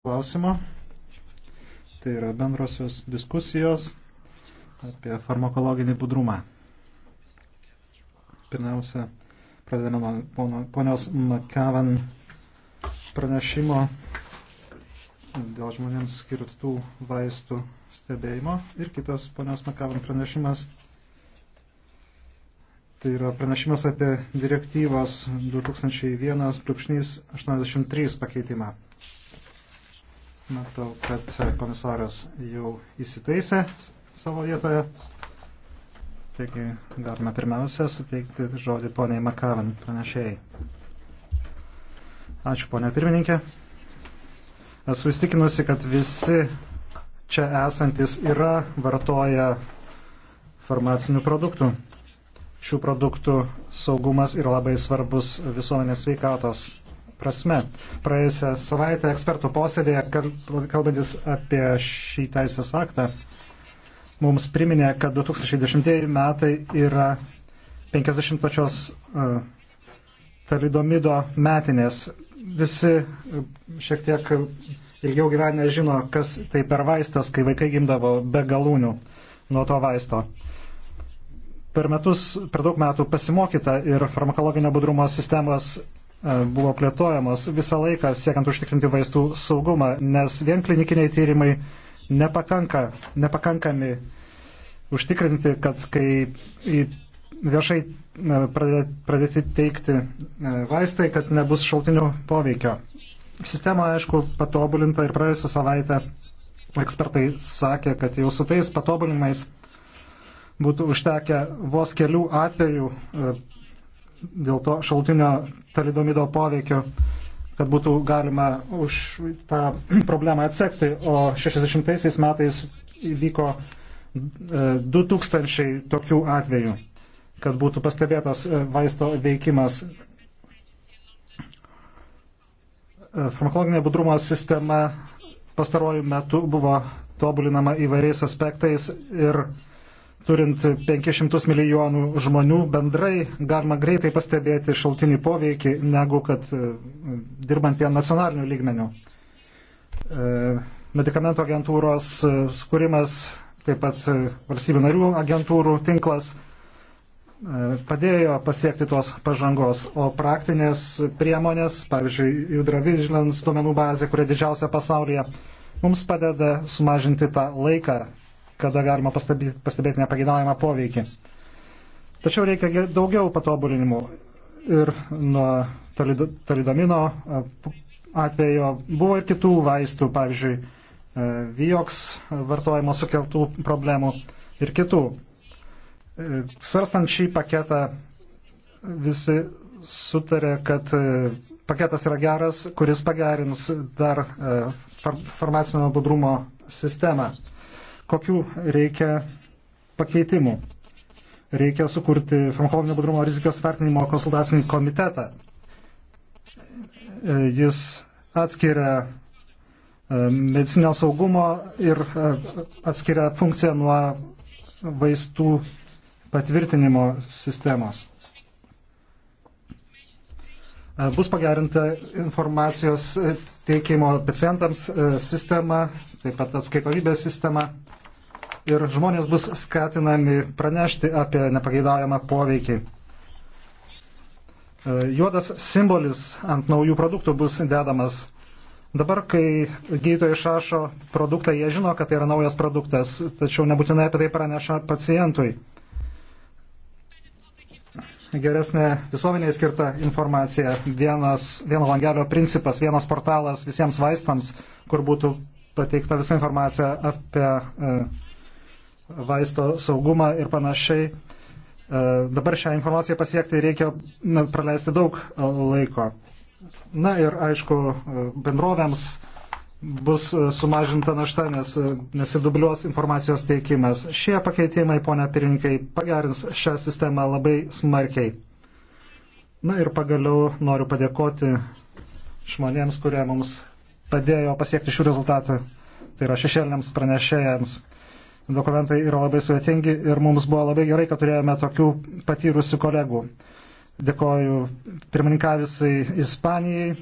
klausimo. Tai yra bendrosios diskusijos apie farmakologinį budrumą. Pirmiausia, pradedame nuo ponios Makavan pranešimo dėl žmonėms skirtų vaistų stebėjimo. Ir kitas ponios Makavan pranešimas. Tai yra pranešimas apie direktyvos 2001-83 pakeitimą. Matau, kad komisaras jau įsitaisė savo vietoje. Taigi galime pirmiausia suteikti žodį poniai Makavan pranešėjai. Ačiū ponia pirmininkė. Esu įstikinusi, kad visi čia esantis yra vartoja farmacinių produktų. Šių produktų saugumas yra labai svarbus visuomenės sveikatos prasme. Praėjusią savaitę ekspertų posėdėje, kalbantis apie šį teisės aktą, mums priminė, kad 2010 metai yra 50 pačios uh, talidomido metinės. Visi e, šiek tiek ilgiau gyvenę žino, kas tai per vaistas, kai vaikai gimdavo be galūnių nuo to vaisto per metus, per daug metų pasimokyta ir farmakologinio budrumo sistemos E, buvo plėtojamos visą laiką siekiant užtikrinti vaistų saugumą, nes vien klinikiniai tyrimai nepakanka, nepakankami užtikrinti, kad kai viešai e, pradėti teikti e, vaistai, kad nebus šaltinių poveikio. Sistema, aišku, patobulinta ir praėjusią savaitę ekspertai sakė, kad jau su tais patobulinimais būtų užtekę vos kelių atvejų dėl to šaltinio talidomido poveikio, kad būtų galima už tą problemą atsekti. O 60-aisiais metais įvyko 2000 e, tokių atvejų, kad būtų pastebėtas e, vaisto veikimas. E, farmakologinė budrumo sistema pastaruoju metu buvo tobulinama įvairiais aspektais ir turint 500 milijonų žmonių bendrai galima greitai pastebėti šaltinį poveikį, negu kad e, dirbant vien nacionaliniu lygmeniu. E, Medikamento agentūros e, skūrimas, taip pat valstybių narių agentūrų tinklas padėjo pasiekti tos pažangos, o praktinės priemonės, pavyzdžiui, Judra Vigilance duomenų bazė, kuria didžiausia pasaulyje, mums padeda sumažinti tą laiką kada galima pastebėti, pastebėti nepageidaujamą poveikį. Tačiau reikia daugiau patobulinimų ir nuo talidomino e, atvejo buvo ir kitų vaistų, pavyzdžiui, e, vijoks vartojimo sukeltų problemų ir kitų. E, svarstant šį paketą, visi sutarė, kad paketas yra geras, kuris pagerins dar farmacinio budrumo sistemą kokių reikia pakeitimų. Reikia sukurti farmakologinio budrumo rizikos vertinimo konsultacinį komitetą. E, jis atskiria e, medicinio saugumo ir e, atskiria funkciją nuo vaistų patvirtinimo sistemos. Bus pagerinta informacijos teikimo pacientams sistema, taip pat atskaitomybės sistema ir žmonės bus skatinami pranešti apie nepageidaujamą poveikį. E, juodas simbolis ant naujų produktų bus dedamas. Dabar, kai gydytojai išrašo produktą, jie žino, kad tai yra naujas produktas, tačiau nebūtinai apie tai praneša pacientui. Geresnė visuomeniai skirta informacija, vienas, vieno langelio principas, vienas portalas visiems vaistams, kur būtų pateikta visa informacija apie. Uh, vaisto saugumą ir panašiai. E, dabar šią informaciją pasiekti reikia praleisti daug e, laiko. Na ir aišku, e, bendrovėms bus sumažinta našta, nes nesidubliuos informacijos teikimas. Šie pakeitimai, ponia pirinkai, pagerins šią sistemą labai smarkiai. Na ir pagaliau noriu padėkoti žmonėms, kurie mums padėjo pasiekti šių rezultatų, tai yra šešėliniams pranešėjams dokumentai yra labai sudėtingi ir mums buvo labai gerai, kad turėjome tokių patyrusių kolegų. Dėkoju pirmininkavisai Ispanijai e,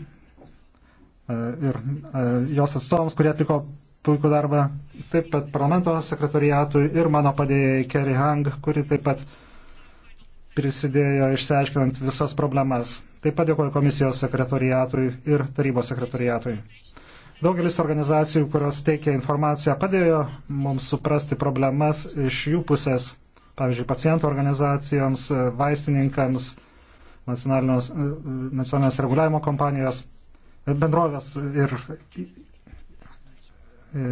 ir e, jos atstovams, kurie atliko puikų darbą, taip pat parlamento sekretoriatui ir mano padėjai Kerry Hang, kuri taip pat prisidėjo išsiaiškinant visas problemas. Taip pat dėkoju komisijos sekretoriatui ir tarybos sekretoriatui. Daugelis organizacijų, kurios teikia informaciją, padėjo mums suprasti problemas iš jų pusės, pavyzdžiui, pacientų organizacijoms, vaistininkams, nacionalinės, nacionalinės reguliavimo kompanijos, bendrovės ir e,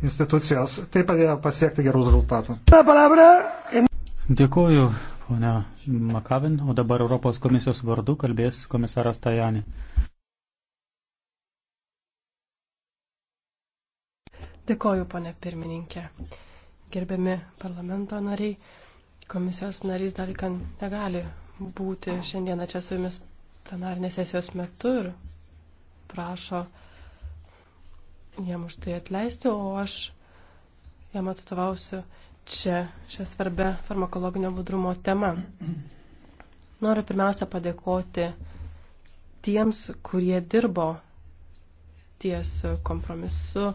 institucijos. Tai padėjo pasiekti gerų rezultatų. Dėkuoju, ponia Makavin, o dabar Europos komisijos vardu kalbės komisaras Tajani. Dėkoju, ponė pirmininkė. Gerbiami parlamento nariai, komisijos narys dar negali būti šiandieną čia su jumis plenarinės sesijos metu ir prašo jam už tai atleisti, o aš jam atstovausiu čia šią svarbę farmakologinio budrumo temą. Noriu pirmiausia padėkoti tiems, kurie dirbo ties kompromisu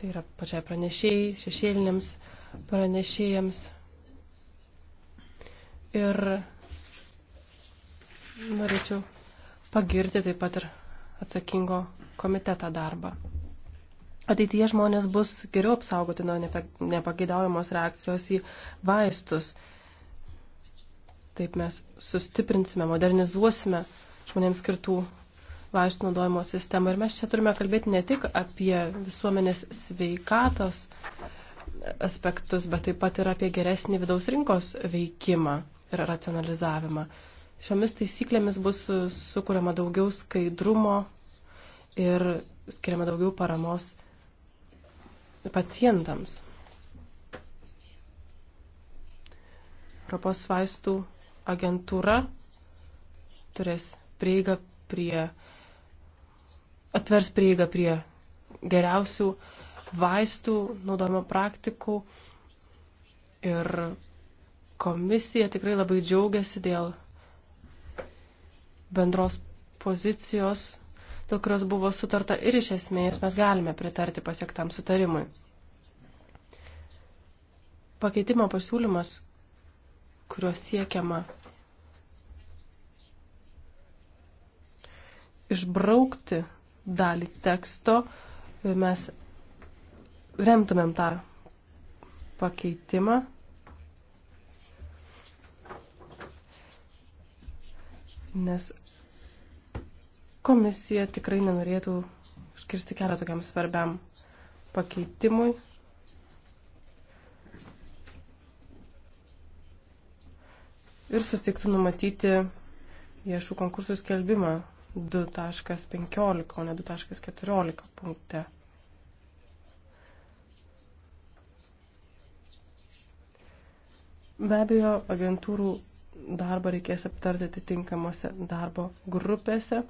Tai yra pačiai pranešėjai, šešėliniams pranešėjams. Ir norėčiau pagirti taip pat ir atsakingo komitetą darbą. Ateityje žmonės bus geriau apsaugoti nuo nepageidaujamos reakcijos į vaistus. Taip mes sustiprinsime, modernizuosime žmonėms skirtų vaistų naudojimo sistemą. Ir mes čia turime kalbėti ne tik apie visuomenės sveikatos aspektus, bet taip pat ir apie geresnį vidaus rinkos veikimą ir racionalizavimą. Šiomis taisyklėmis bus sukūriama daugiau skaidrumo ir skiriama daugiau paramos pacientams. Europos vaistų agentūra turės prieigą prie atvers prieigą prie geriausių vaistų, naudojimo praktikų. Ir komisija tikrai labai džiaugiasi dėl bendros pozicijos, dėl kurios buvo sutarta ir iš esmės mes galime pritarti pasiektam sutarimui. Pakeitimo pasiūlymas, kuriuo siekiama išbraukti dalį teksto mes remtumėm tą pakeitimą. Nes komisija tikrai nenorėtų užkirsti kelią tokiam svarbiam pakeitimui. Ir sutiktų numatyti viešų konkursų skelbimą 2.15, o ne 2.14 punkte. Be abejo, agentūrų darbą reikės aptarti atitinkamuose darbo grupėse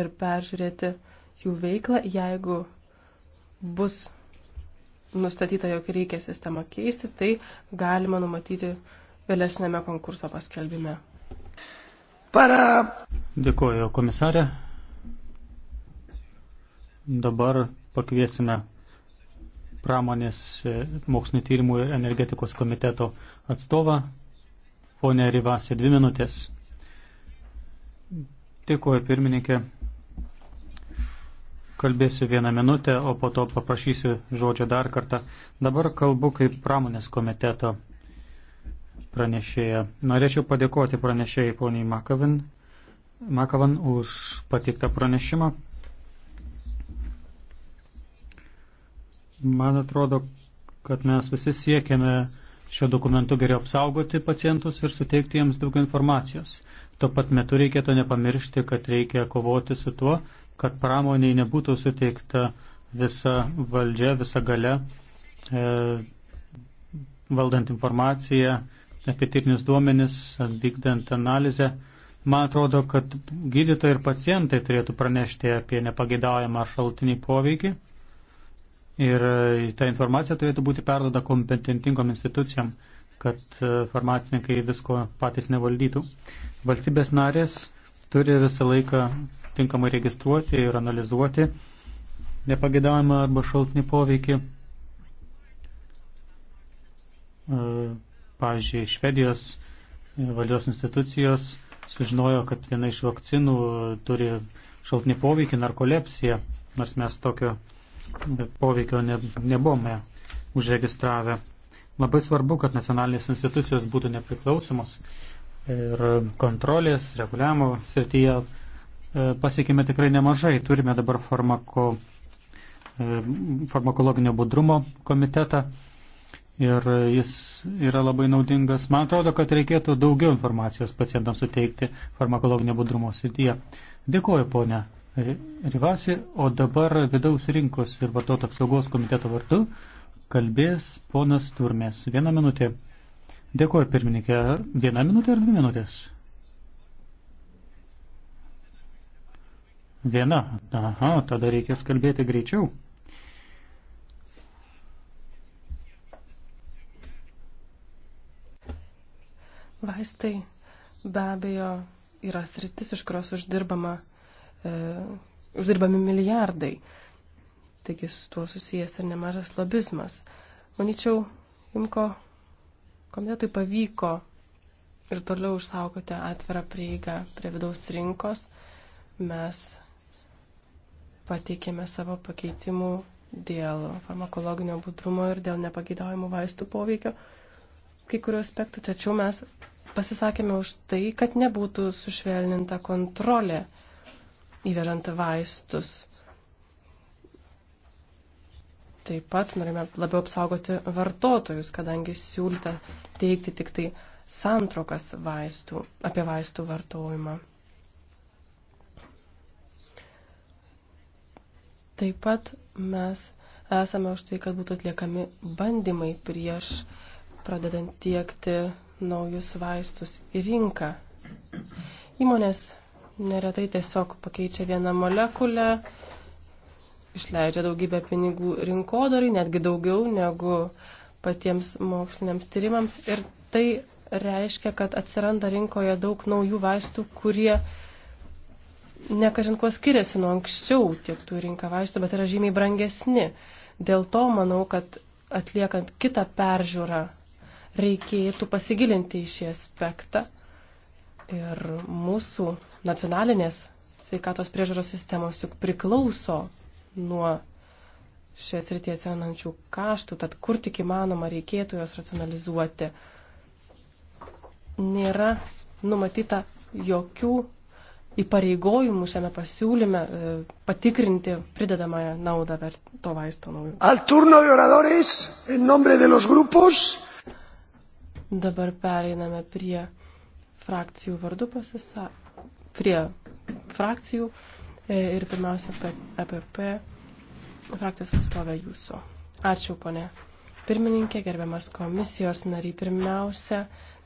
ir peržiūrėti jų veiklą, jeigu bus nustatyta, jog reikia sistemą keisti, tai galima numatyti vėlesnėme konkurso paskelbime para. Dėkuoju, komisarė. Dabar pakviesime pramonės e, mokslinio tyrimų ir energetikos komiteto atstovą, ponę Rivasė, dvi minutės. Dėkuoju, pirmininkė. Kalbėsiu vieną minutę, o po to paprašysiu žodžio dar kartą. Dabar kalbu kaip pramonės komiteto pranešėją. Norėčiau padėkoti pranešėjai poniai Makavin, Makavan už patiktą pranešimą. Man atrodo, kad mes visi siekiame šio dokumentu geriau apsaugoti pacientus ir suteikti jiems daugiau informacijos. Tuo pat metu reikėtų nepamiršti, kad reikia kovoti su tuo, kad pramoniai nebūtų suteikta visa valdžia, visa gale, e, valdant informaciją, apie tirnius duomenis, vykdant analizę. Man atrodo, kad gydytojai ir pacientai turėtų pranešti apie nepageidaujamą ar šalutinį poveikį. Ir e, ta informacija turėtų būti perdoda kompetentingom institucijom, kad e, farmacininkai visko patys nevaldytų. Valstybės narės turi visą laiką tinkamai registruoti ir analizuoti nepageidaujamą arba šalutinį poveikį e, Pavyzdžiui, Švedijos valdžios institucijos sužinojo, kad viena iš vakcinų turi šaltinį poveikį narkolepsiją, nors mes tokio poveikio ne, nebuvome užregistravę. Labai svarbu, kad nacionalinės institucijos būtų nepriklausomos ir kontrolės, reguliavimo srityje e, pasiekime tikrai nemažai. Turime dabar farmako, e, farmakologinio budrumo komitetą ir jis yra labai naudingas. Man atrodo, kad reikėtų daugiau informacijos pacientams suteikti farmakologinio budrumo srityje. Dėkuoju, ponia Rivasi, o dabar vidaus rinkos ir vartotojų apsaugos komiteto vardu kalbės ponas Turmės. Vieną minutę. Dėkuoju, pirmininkė. Vieną minutę ar dvi minutės? Viena. Aha, tada reikės kalbėti greičiau. Vaistai be abejo yra sritis, iš kurios uždirbama, e, uždirbami milijardai. Taigi su tuo susijęs ir nemažas lobizmas. Maničiau, Imko komitetui pavyko ir toliau išsaugoti atvirą prieigą prie vidaus rinkos. Mes pateikėme savo pakeitimų dėl farmakologinio budrumo ir dėl nepageidaujamų vaistų poveikio kai kurių aspektų, tačiau mes pasisakėme už tai, kad nebūtų sušvelninta kontrolė įvežant vaistus. Taip pat norime labiau apsaugoti vartotojus, kadangi siūlyta teikti tik tai santrokas vaistų, apie vaistų vartojimą. Taip pat mes esame už tai, kad būtų atliekami bandymai prieš pradedant tiekti naujus vaistus į rinką. Įmonės neretai tiesiog pakeičia vieną molekulę, išleidžia daugybę pinigų rinkodarai, netgi daugiau negu patiems moksliniams tyrimams. Ir tai reiškia, kad atsiranda rinkoje daug naujų vaistų, kurie nekažin kuo skiriasi nuo anksčiau tiek tų rinką vaistų, bet yra žymiai brangesni. Dėl to manau, kad atliekant kitą peržiūrą reikėtų pasigilinti į šį aspektą ir mūsų nacionalinės sveikatos priežaros sistemos juk priklauso nuo šias ryties renančių kaštų, tad kur tik įmanoma reikėtų jos racionalizuoti. Nėra numatyta jokių įpareigojimų šiame pasiūlyme e, patikrinti pridedamąją naudą to vaisto naujų. Al turno de oradores, en nombre de los grupos. Dabar pereiname prie frakcijų vardų pasisa... prie frakcijų e, ir pirmiausia EPP e frakcijos atstovė jūsų. Ačiū, ponė. Pirmininkė, gerbiamas komisijos nariai, pirmiausia,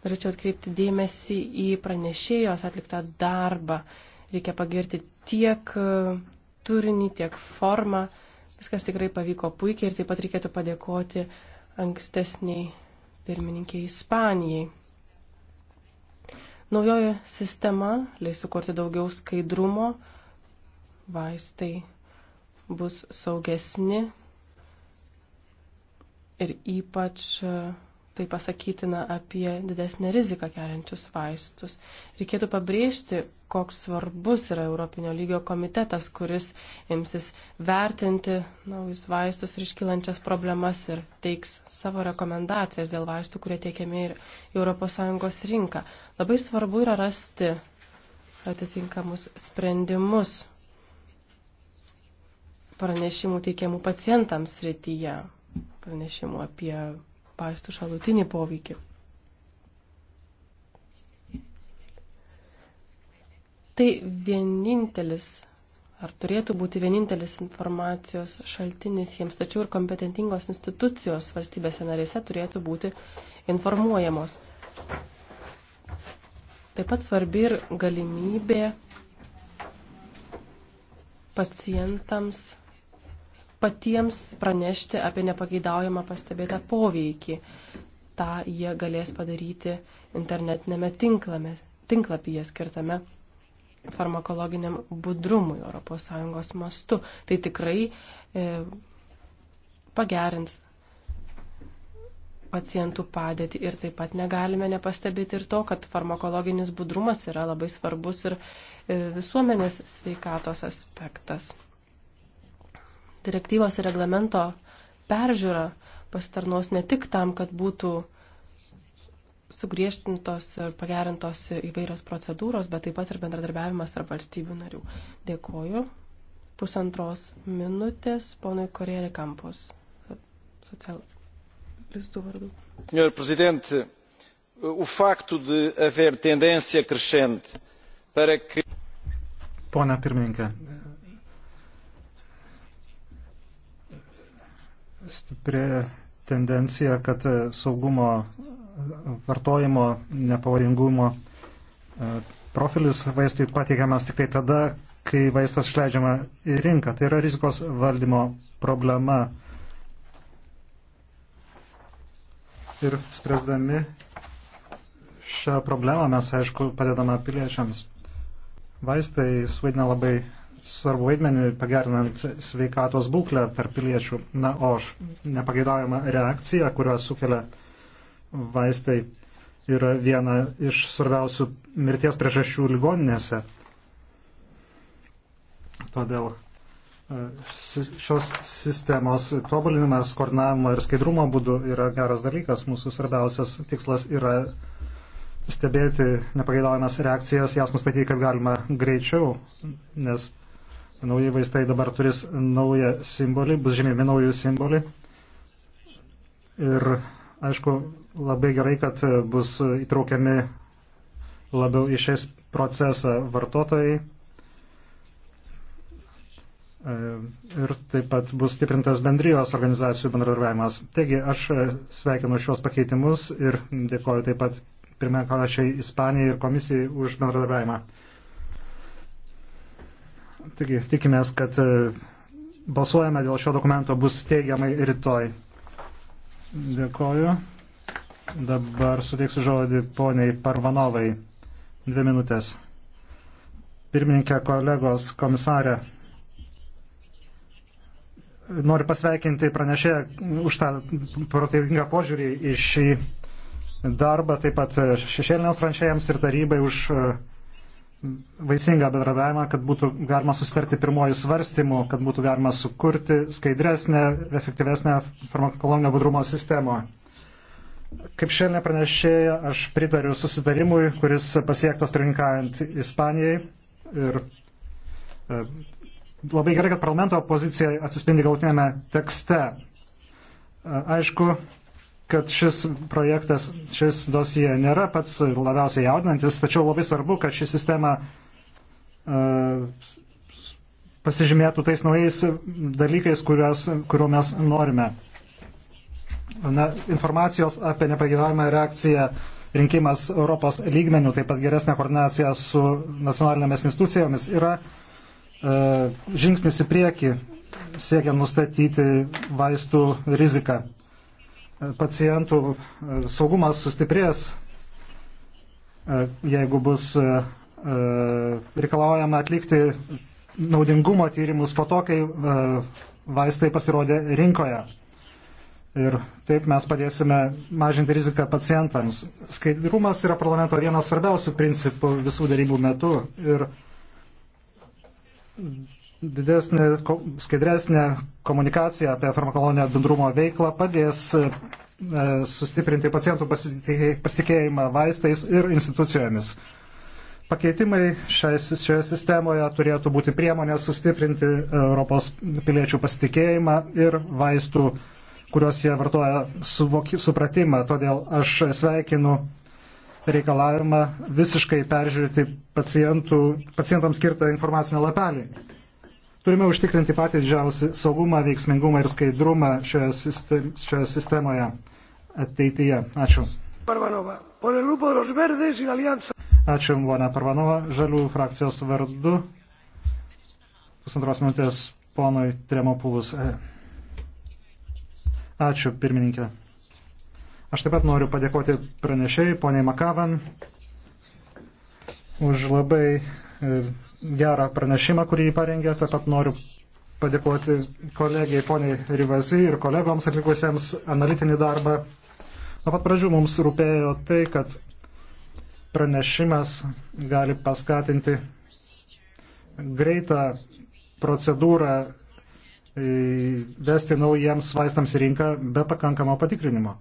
norėčiau atkreipti dėmesį į pranešėjos atliktą darbą. Reikia pagirti tiek e, turinį, tiek formą. Viskas tikrai pavyko puikiai ir taip pat reikėtų padėkoti ankstesniai pirmininkė Ispanijai. Naujoji sistema leis sukurti daugiau skaidrumo, vaistai bus saugesni ir ypač tai pasakytina apie didesnę riziką keliančius vaistus. Reikėtų pabrėžti, koks svarbus yra Europinio lygio komitetas, kuris imsis vertinti naujus vaistus ir iškylančias problemas ir teiks savo rekomendacijas dėl vaistų, kurie tiekiami ir ES rinką. Labai svarbu yra rasti atitinkamus sprendimus pranešimų teikiamų pacientams srityje, pranešimų apie vaistų šalutinį poveikį. Tai vienintelis, ar turėtų būti vienintelis informacijos šaltinis jiems, tačiau ir kompetentingos institucijos valstybėse narėse turėtų būti informuojamos. Taip pat svarbi ir galimybė pacientams patiems pranešti apie nepageidaujamą pastebėtą poveikį. Ta jie galės padaryti internetinėme tinklame, tinklapyje skirtame farmakologiniam budrumui ES mastu. Tai tikrai e, pagerins pacientų padėtį ir taip pat negalime nepastebėti ir to, kad farmakologinis budrumas yra labai svarbus ir e, visuomenės sveikatos aspektas direktyvos ir reglamento peržiūra pasitarnaus ne tik tam, kad būtų sugriežtintos ir pagerintos įvairios procedūros, bet taip pat ir bendradarbiavimas tarp valstybių narių. Dėkoju. Pusantros minutės ponui Korėlė Kampos, socialistų vardu. Senhor Presidente, o facto de haver tendência crescente para que. Pone pirmininkė, stipri tendencija, kad saugumo vartojimo nepavojingumo e, profilis vaistui pateikiamas tik tai tada, kai vaistas išleidžiama į rinką. Tai yra rizikos valdymo problema. Ir spręsdami šią problemą mes, aišku, padedame piliečiams. Vaistai suvaidina labai svarbu vaidmenį pagerinant sveikatos būklę tarp piliečių. Na, o nepageidaujama reakcija, kurią sukelia vaistai, yra viena iš svarbiausių mirties priežasčių ligoninėse. Todėl e, šios sistemos tobulinimas, koordinavimo ir skaidrumo būdu yra geras dalykas. Mūsų svarbiausias tikslas yra stebėti nepageidaujamas reakcijas, jas nustatyti kaip galima greičiau, nes Nauji vaistai dabar turės naują simbolį, bus žymimi naujų simbolį. Ir aišku, labai gerai, kad bus įtraukiami labiau į šiais procesą vartotojai. Ir taip pat bus stiprintas bendrijos organizacijų bendradarbiavimas. Taigi aš sveikinu šios pakeitimus ir dėkoju taip pat pirmiausiai Ispanijai ir komisijai už bendradarbiavimą. Taigi, tikimės, kad e, balsuojame dėl šio dokumento bus teigiamai rytoj. Dėkoju. Dabar suteiksiu žodį poniai Parvanovai. Dvi minutės. Pirmininkė, kolegos, komisarė. Noriu pasveikinti pranešėją už tą protingą požiūrį į šį darbą, taip pat šešėliniams pranešėjams ir tarybai už uh, vaisingą bendravimą, kad būtų galima susitarti pirmojų svarstymų, kad būtų galima sukurti skaidresnę, efektyvesnę farmakologinio budrumo sistemą. Kaip šiandien pranešėja, aš pritariu susitarimui, kuris pasiektas pirmininkaujant Ispanijai. Ir e, labai gerai, kad parlamento pozicija atsispindi galutinėme tekste. E, aišku, kad šis projektas, šis dosija nėra pats labiausiai jaudinantis, tačiau labai svarbu, kad ši sistema uh, pasižymėtų tais naujais dalykais, kurios, kuriuo mes norime. Na, informacijos apie nepagėdavimą reakciją rinkimas Europos lygmenių, taip pat geresnė koordinacija su nacionalinėmis institucijomis yra uh, žingsnis į priekį siekiant nustatyti vaistų riziką pacientų e, saugumas sustiprės, e, jeigu bus e, reikalaujama atlikti naudingumo tyrimus po to, kai vaistai pasirodė rinkoje. Ir taip mes padėsime mažinti riziką pacientams. Skaidrumas yra parlamento vienas svarbiausių principų visų darybų metu. Ir didesnė, skaidresnė komunikacija apie farmakologinę bendrumo veiklą padės e, sustiprinti pacientų pasitikėjimą vaistais ir institucijomis. Pakeitimai šioje sistemoje turėtų būti priemonė sustiprinti Europos piliečių pasitikėjimą ir vaistų, kuriuos jie vartoja suvoki, supratimą. Todėl aš sveikinu reikalavimą visiškai peržiūrėti pacientams skirtą informacinę lapelį. Turime užtikrinti patį didžiausią saugumą, veiksmingumą ir skaidrumą šioje, sistem, šioje sistemoje ateityje. Ačiū. Parvanova. Ačiū, Vona Parvanova, Žalių frakcijos vardu. Pusantros minutės ponui Tremopulus. Ačiū, pirmininkė. Aš taip pat noriu padėkoti pranešėjai, poniai Makavan, už labai e, gerą pranešimą, kurį parengė. Taip pat noriu padėkoti kolegijai poniai Rivazi ir kolegoms atlikusiems analitinį darbą. Nuo pat pradžių mums rūpėjo tai, kad pranešimas gali paskatinti greitą procedūrą e, vesti naujiems vaistams rinką be pakankamo patikrinimo.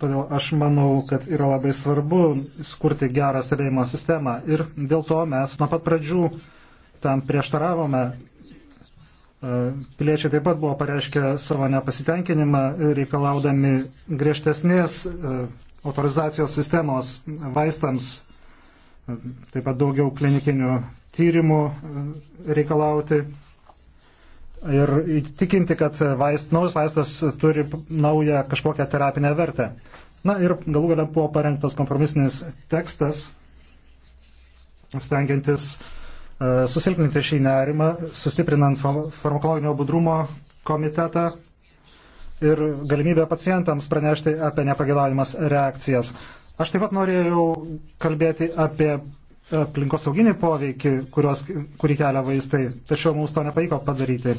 Todėl aš manau, kad yra labai svarbu skurti gerą stebėjimo sistemą. Ir dėl to mes nuo pat pradžių tam prieštaravome. E, piliečiai taip pat buvo pareiškę savo nepasitenkinimą reikalaudami griežtesnės e, autorizacijos sistemos vaistams, e, taip pat daugiau klinikinių tyrimų reikalauti ir įtikinti, kad vaist, naujas vaistas turi naują kažkokią terapinę vertę. Na ir galų galia buvo parengtas kompromisinis tekstas, stengiantis uh, susilpninti šį nerimą, sustiprinant farmakologinio budrumo komitetą ir galimybę pacientams pranešti apie nepagėdavimas reakcijas. Aš taip pat norėjau kalbėti apie aplinkosauginį poveikį, kurios, kurį kelia vaistai, tačiau mums to nepavyko padaryti.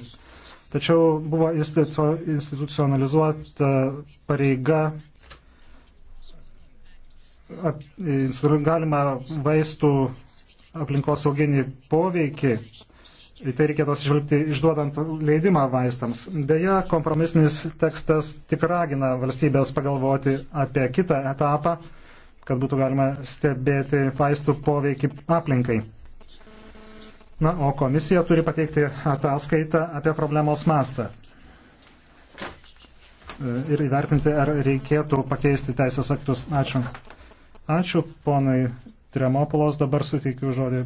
Tačiau buvo institucionalizuota pareiga, galima vaistų aplinkosauginį poveikį Į tai reikėtų atsižvelgti išduodant leidimą vaistams. Deja, kompromisinis tekstas tik ragina valstybės pagalvoti apie kitą etapą, kad būtų galima stebėti vaistų poveikį aplinkai. Na, o komisija turi pateikti ataskaitą apie problemos mastą e, ir įvertinti, ar reikėtų pakeisti teisės aktus. Ačiū. Ačiū, ponai Tremopolos. Dabar suteikiu žodį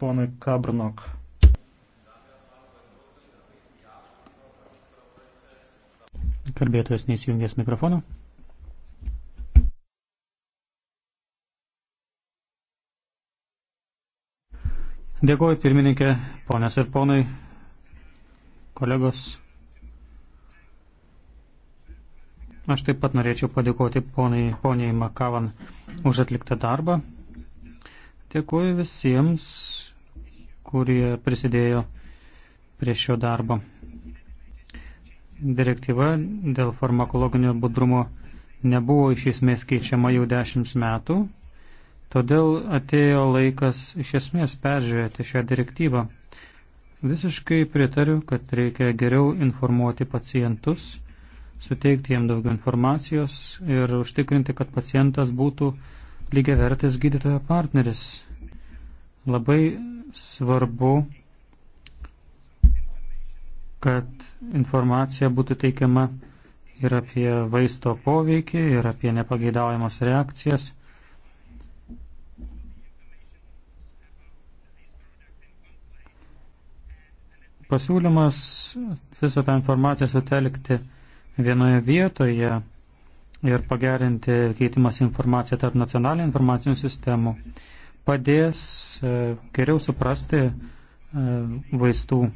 ponui Kabrnok. Kalbėtojas neįsijungęs mikrofoną. Dėkuoju pirmininkė, ponės ir ponai, kolegos. Aš taip pat norėčiau padėkoti poniai, poniai Makavan už atliktą darbą. Dėkuoju visiems, kurie prisidėjo prie šio darbo. Direktyva dėl farmakologinio budrumo nebuvo iš esmės keičiama jau dešimt metų. Todėl atėjo laikas iš esmės peržiūrėti šią direktyvą. Visiškai pritariu, kad reikia geriau informuoti pacientus, suteikti jiems daugiau informacijos ir užtikrinti, kad pacientas būtų lygiavertis gydytojo partneris. Labai svarbu, kad informacija būtų teikiama ir apie vaisto poveikį, ir apie nepageidaujamas reakcijas Pasiūlymas visą tą informaciją sutelkti vienoje vietoje ir pagerinti keitimas informaciją tarp nacionalinių informacinių sistemų padės e, geriau suprasti e, vaistų e,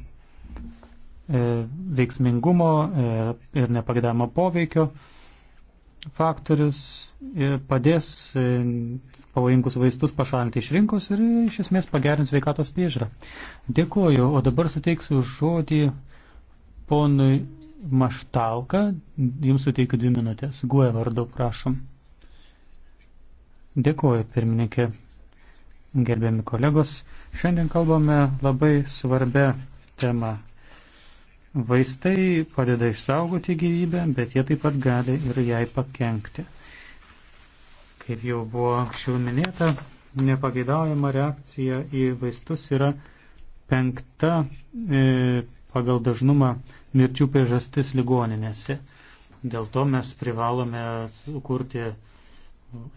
veiksmingumo ir nepagėdamo poveikio faktorius padės e, pavojingus vaistus pašalinti iš rinkos ir iš esmės pagerins veikatos priežiūrą. Dėkuoju, o dabar suteiksiu žodį ponui Maštauka. Jums suteikiu dvi minutės. Guoja vardu, prašom. Dėkuoju, pirmininkė. Gerbiami kolegos, šiandien kalbame labai svarbę temą Vaistai padeda išsaugoti gyvybę, bet jie taip pat gali ir jai pakengti. Kaip jau buvo anksčiau minėta, nepageidaujama reakcija į vaistus yra penkta e, pagal dažnumą mirčių priežastis ligoninėse. Dėl to mes privalome sukurti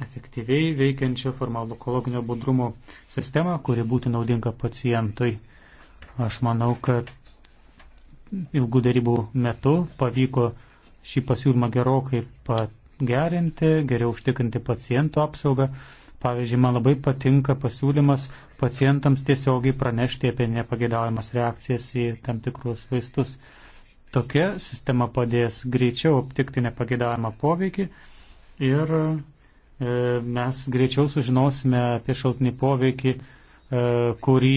efektyviai veikiančią farmakologinio budrumo sistemą, kuri būtų naudinga pacientui. Aš manau, kad ilgų darybų metu pavyko šį pasiūlymą gerokai pagerinti, geriau užtikrinti pacientų apsaugą. Pavyzdžiui, man labai patinka pasiūlymas pacientams tiesiogiai pranešti apie nepagėdavimas reakcijas į tam tikrus vaistus. Tokia sistema padės greičiau aptikti nepagėdavimą poveikį ir e, mes greičiau sužinosime apie šaltinį poveikį E, kurį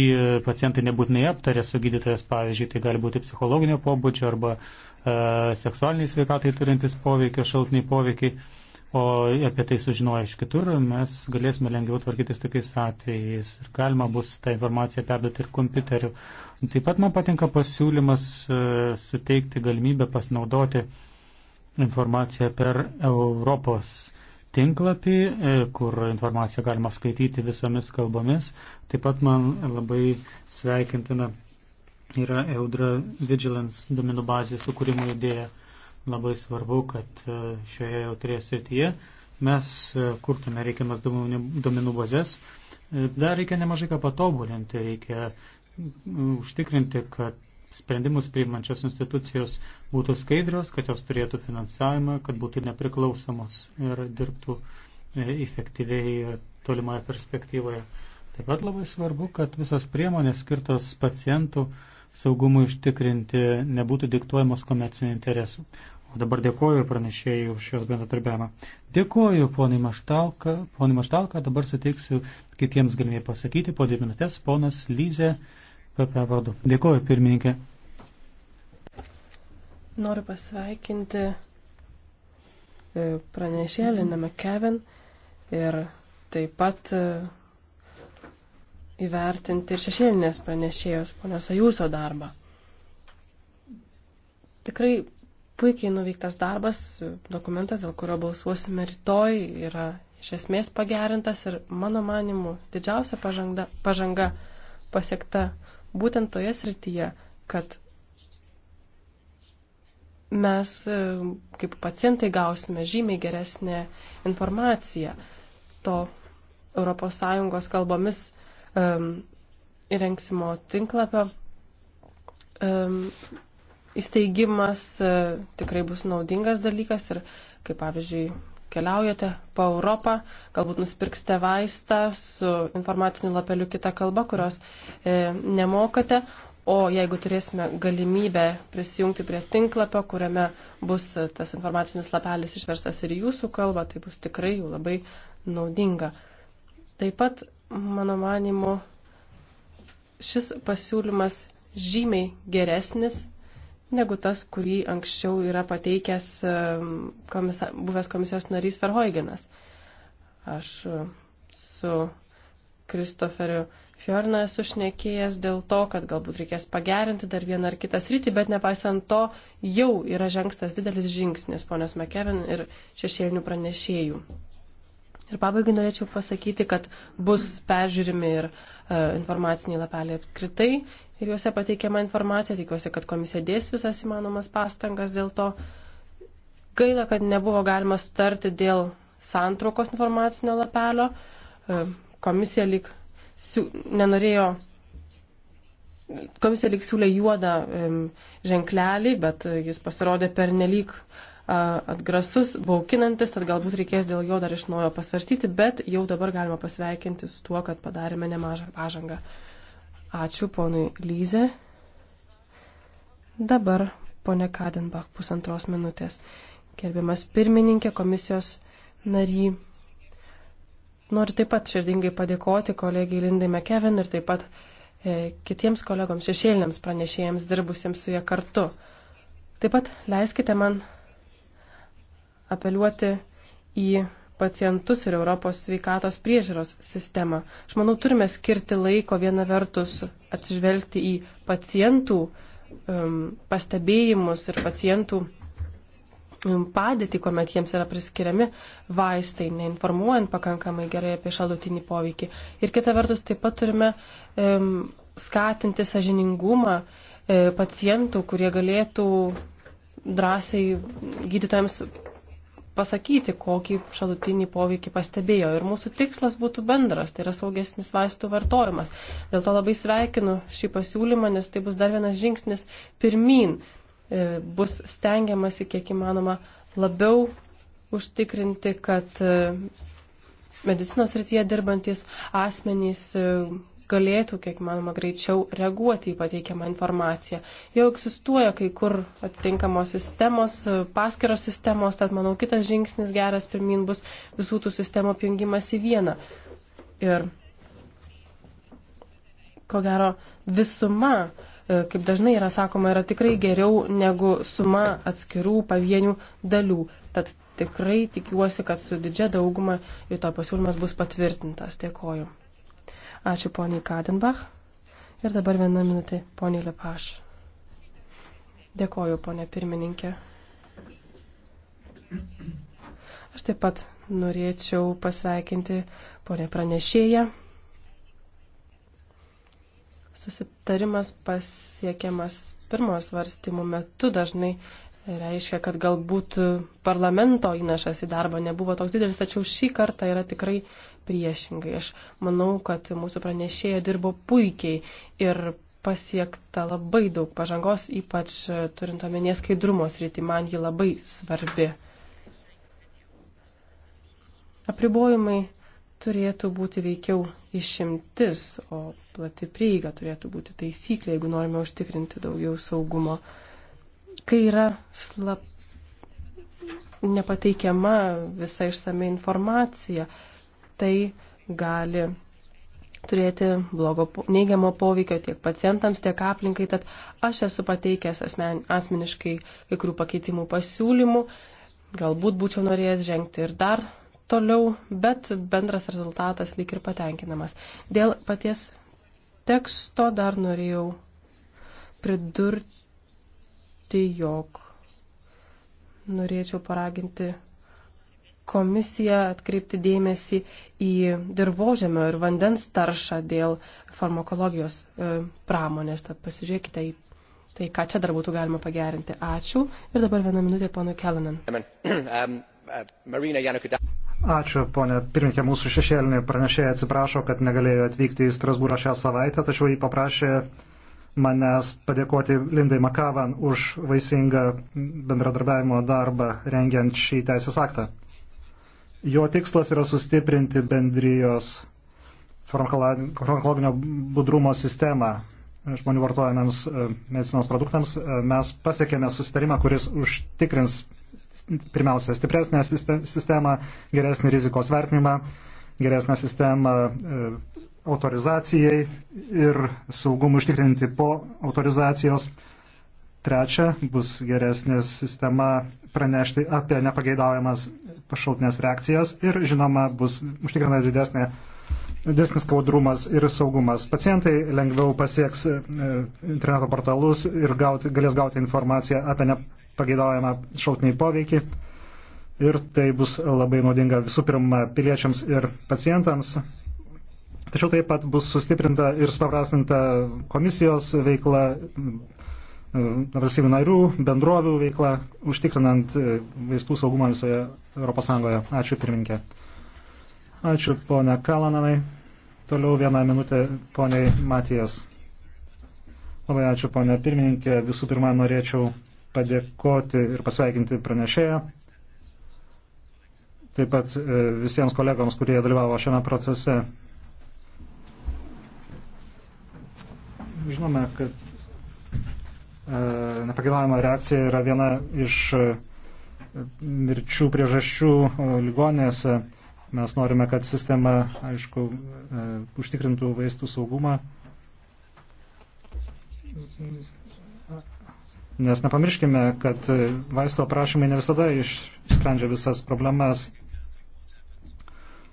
pacientai nebūtinai aptarė su gydytojas, pavyzdžiui, tai gali būti psichologinio pobūdžio arba e, seksualiniai sveikatai turintis poveikio, šaltiniai poveikiai, o apie tai sužinoję iš kitur, mes galėsime lengviau tvarkytis tokiais atvejais ir galima bus tą informaciją perduoti ir kompiuteriu. Taip pat man patinka pasiūlymas e, suteikti galimybę pasinaudoti informaciją per Europos tinklapį, e, kur informaciją galima skaityti visomis kalbomis. Taip pat man labai sveikintina yra Eudra Vigilance duomenų bazės sukūrimo idėja. Labai svarbu, kad e, šioje jautrėje srityje mes e, kurtume reikiamas duomenų bazės. Dar reikia nemažai ką patobulinti, reikia užtikrinti, kad sprendimus priimančios institucijos būtų skaidrios, kad jos turėtų finansavimą, kad būtų nepriklausomos ir dirbtų e, efektyviai tolimoje perspektyvoje. Taip pat labai svarbu, kad visos priemonės skirtos pacientų saugumui ištikrinti nebūtų diktuojamos komercinių interesų. O dabar dėkoju pranešėjai už šios bendradarbiavimą. Dėkoju ponai Maštalka, ponai Maštalka, dabar suteiksiu kitiems galimybę pasakyti po dvi minutės, ponas Lyze. PP vardu. Dėkuoju, pirmininkė. Noriu pasveikinti e, pranešėją Linda McKevin ir taip pat e, įvertinti ir šešėlinės pranešėjos ponios Ajūso darbą. Tikrai puikiai nuveiktas darbas, dokumentas, dėl kurio balsuosime rytoj, yra iš esmės pagerintas ir mano manimu didžiausia pažanga, pažanga pasiekta būtent toje srityje, kad mes e, kaip pacientai gausime žymiai geresnę informaciją to ES kalbomis um, įrengsimo tinklapio um, įsteigimas uh, tikrai bus naudingas dalykas ir kaip pavyzdžiui keliaujate po Europą, galbūt nusipirksite vaistą su informaciniu lapeliu kitą kalbą, kurios e, nemokate, o jeigu turėsime galimybę prisijungti prie tinklapio, kuriame bus e, tas informacinis lapelis išverstas ir jūsų kalba, tai bus tikrai jau labai naudinga. Taip pat, mano manimu, šis pasiūlymas žymiai geresnis negu tas, kurį anksčiau yra pateikęs e, komisa, buvęs komisijos narys Verhoigenas. Aš e, su Kristoferiu Fjorna esu šnekėjęs dėl to, kad galbūt reikės pagerinti dar vieną ar kitą sritį, bet nepaisant to jau yra žengstas didelis žingsnis ponios McKevin ir šešėlinių pranešėjų. Ir pabaigai norėčiau pasakyti, kad bus peržiūrimi ir e, informaciniai lapeliai apskritai, ir juose pateikiama informacija. Tikiuosi, kad komisija dės visas įmanomas pastangas dėl to. Gaila, kad nebuvo galima starti dėl santraukos informacinio lapelio. E, komisija lyg siū, nenorėjo. Komisija lyg siūlė juodą e, ženklelį, bet jis pasirodė per nelik atgrasus, baukinantis, tad galbūt reikės dėl jo dar iš naujo pasvarstyti, bet jau dabar galima pasveikinti su tuo, kad padarėme nemažą pažangą. Ačiū ponui Lyze. Dabar ponė Kadenbach pusantros minutės. Gerbiamas pirmininkė, komisijos nary. Noriu taip pat širdingai padėkoti kolegijai Lindai McKevin ir taip pat e, kitiems kolegoms šešėliniams pranešėjams dirbusiems su jie kartu. Taip pat leiskite man apeliuoti į pacientus ir Europos sveikatos priežiūros sistemą. Aš manau, turime skirti laiko viena vertus atsižvelgti į pacientų um, pastebėjimus ir pacientų um, padėtį, kuomet jiems yra priskiriami vaistai, neinformuojant pakankamai gerai apie šalutinį poveikį. Ir kita vertus, taip pat turime um, skatinti sažiningumą e, pacientų, kurie galėtų drąsiai gydytojams pasakyti, kokį šalutinį poveikį pastebėjo. Ir mūsų tikslas būtų bendras, tai yra saugesnis vaistų vartojimas. Dėl to labai sveikinu šį pasiūlymą, nes tai bus dar vienas žingsnis pirmin. E, bus stengiamasi, kiek įmanoma, labiau užtikrinti, kad e, medicinos rytyje dirbantis asmenys e, galėtų kiek manoma greičiau reaguoti į pateikiamą informaciją. Jau egzistuoja kai kur atitinkamos sistemos, paskiros sistemos, tad manau kitas žingsnis geras pirmin bus visų tų sistemų apjungimas į vieną. Ir ko gero visuma, e, kaip dažnai yra sakoma, yra tikrai geriau negu suma atskirų pavienių dalių. Tad tikrai tikiuosi, kad su didžia dauguma rytoj pasiūlymas bus patvirtintas. Dėkoju. Ačiū poniai Kadenbach. Ir dabar viena minutė poniai Lepaš. Dėkoju, ponė pirmininkė. Aš taip pat norėčiau pasveikinti ponę pranešėją. Susitarimas pasiekiamas pirmos varstymų metu dažnai Tai reiškia, kad galbūt parlamento įnašas į darbą nebuvo toks didelis, tačiau šį kartą yra tikrai priešingai. Aš manau, kad mūsų pranešėja dirbo puikiai ir pasiekta labai daug pažangos, ypač turint omenyje skaidrumo sritį, man ji labai svarbi. Apribojimai turėtų būti veikiau išimtis, o plati prieiga turėtų būti taisyklė, jeigu norime užtikrinti daugiau saugumo Kai yra slap... nepateikiama visa išsame informacija, tai gali turėti blogo, neigiamo poveikio tiek pacientams, tiek aplinkai. Tad aš esu pateikęs asmen, asmeniškai kai kurių pakeitimų pasiūlymų. Galbūt būčiau norėjęs žengti ir dar toliau, bet bendras rezultatas lyg ir patenkinamas. Dėl paties teksto dar norėjau pridurti tai, jog norėčiau paraginti komisiją atkreipti dėmesį į dirbožėmio ir vandens taršą dėl farmakologijos e, pramonės. Tad pasižiūrėkite į tai, ką čia dar būtų galima pagerinti. Ačiū. Ir dabar vieną minutę ponui Kelanan. Um, uh, Ačiū, ponė pirmininkė. Mūsų šešėlinė pranešėja atsiprašo, kad negalėjo atvykti į Strasbūrą šią savaitę, tačiau jį paprašė manęs padėkoti Lindai Makavan už vaisingą bendradarbiavimo darbą rengiant šį teisės aktą. Jo tikslas yra sustiprinti bendrijos farmakologinio budrumo sistemą žmonių vartojamiems e, medicinos produktams. E, mes pasiekėme susitarimą, kuris užtikrins pirmiausia stipresnę sistemą, geresnį rizikos vertinimą, geresnę sistemą e, autorizacijai ir saugumui užtikrinti po autorizacijos. Trečia, bus geresnė sistema pranešti apie nepageidaujamas pašautinės reakcijas ir, žinoma, bus užtikrina didesnė, didesnis skaudrumas ir saugumas. Pacientai lengviau pasieks e, interneto portalus ir gauti, galės gauti informaciją apie nepageidaujamą šautinį poveikį. Ir tai bus labai naudinga visų pirma piliečiams ir pacientams. Tačiau taip pat bus sustiprinta ir supaprastinta komisijos veikla, e, valstybių narių, bendrovių veikla, užtikrinant e, vaistų saugumą visoje ES. Ačiū pirminkė. Ačiū ponia Kalananai. Toliau vieną minutę poniai Matijas. Labai ačiū ponia pirmininkė. Visų pirma, norėčiau padėkoti ir pasveikinti pranešėją. Taip pat e, visiems kolegoms, kurie dalyvavo šiame procese. Žinome, kad e, nepagėdavimo reakcija yra viena iš e, mirčių priežasčių e, ligonėse. Mes norime, kad sistema, aišku, užtikrintų vaistų saugumą. Nes nepamirškime, kad vaisto aprašymai ne visada išsprendžia visas problemas.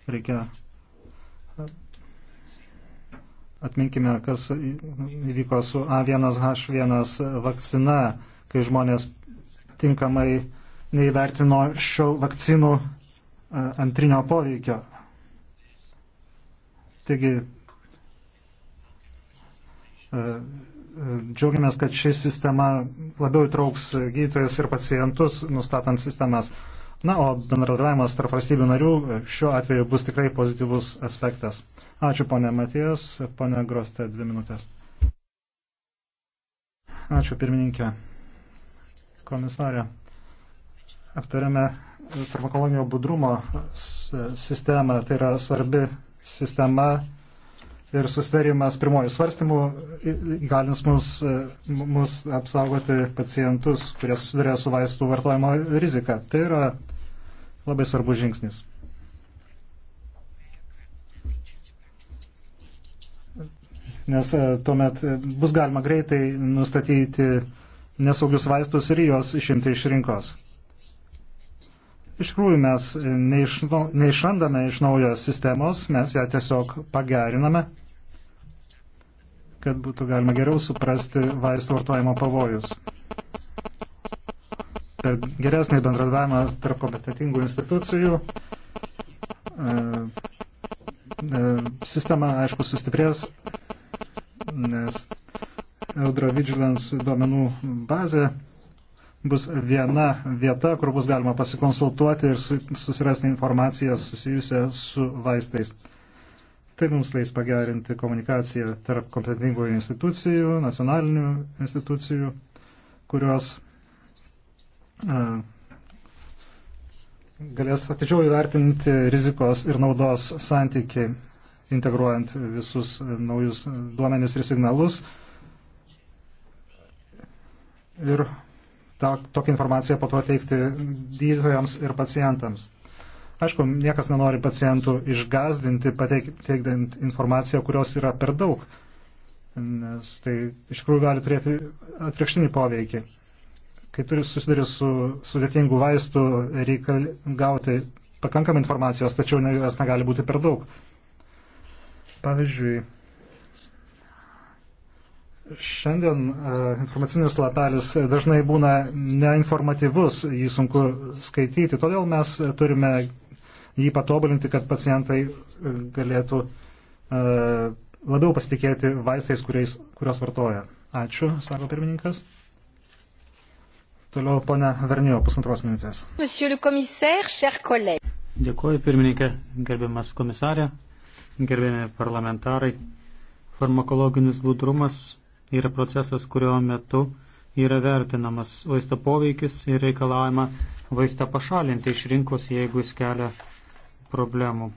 Reikia Atminkime, kas įvyko su A1H1 vakcina, kai žmonės tinkamai neįvertino šio vakcinų e, antrinio poveikio. Taigi, e, e, džiaugiamės, kad ši sistema labiau įtrauks gydytojus ir pacientus, nustatant sistemas. Na, o bendradarbiavimas tarp valstybių narių e, šiuo atveju bus tikrai pozityvus aspektas. Ačiū, ponė Matijas, ponė Groste, dvi minutės. Ačiū, pirmininkė. Komisarė. Aptarėme farmakologinio budrumo sistemą, tai yra svarbi sistema ir sustarimas pirmojų svarstymų galins mus, e, mus apsaugoti pacientus, kurie susiduria su vaistų vartojimo rizika. Tai yra labai svarbus žingsnis. Nes e, tuomet bus galima greitai nustatyti nesaugius vaistus ir juos išimti iš rinkos. Iš tikrųjų, mes neiš, neišrandame iš naujo sistemos, mes ją tiesiog pageriname, kad būtų galima geriau suprasti vaistų vartojimo pavojus per geresnį bendradavimą tarp kompetitingų institucijų. E, e, sistema, aišku, sustiprės, nes Eudra Vigilance duomenų bazė bus viena vieta, kur bus galima pasikonsultuoti ir susirasti informaciją susijusią su vaistais. Tai mums leis pagerinti komunikaciją tarp kompetentingų institucijų, nacionalinių institucijų, kurios E, galės atidžiau įvertinti rizikos ir naudos santyki, integruojant visus naujus duomenis ir signalus. Ir ta, tokią informaciją po to teikti gydytojams ir pacientams. Aišku, niekas nenori pacientų išgazdinti, pateikdant informaciją, kurios yra per daug, nes tai iš tikrųjų gali turėti atvirkštinį poveikį kai turi susidurti su sudėtingu vaistu, reikia gauti pakankamai informacijos, tačiau jos negali būti per daug. Pavyzdžiui, šiandien e, informacinis lapelis dažnai būna neinformatyvus, jį sunku skaityti, todėl mes turime jį patobulinti, kad pacientai e, galėtų e, labiau pasitikėti vaistais, kuriais, kuriuos vartoja. Ačiū, sako pirmininkas. Toliau pana Vernijo, pusantros minutės. Dėkuoju pirmininkė, gerbiamas komisarė, gerbiami parlamentarai. Farmakologinis budrumas yra procesas, kurio metu yra vertinamas vaisto poveikis ir reikalaujama vaistą pašalinti iš rinkos, jeigu jis kelia problemų.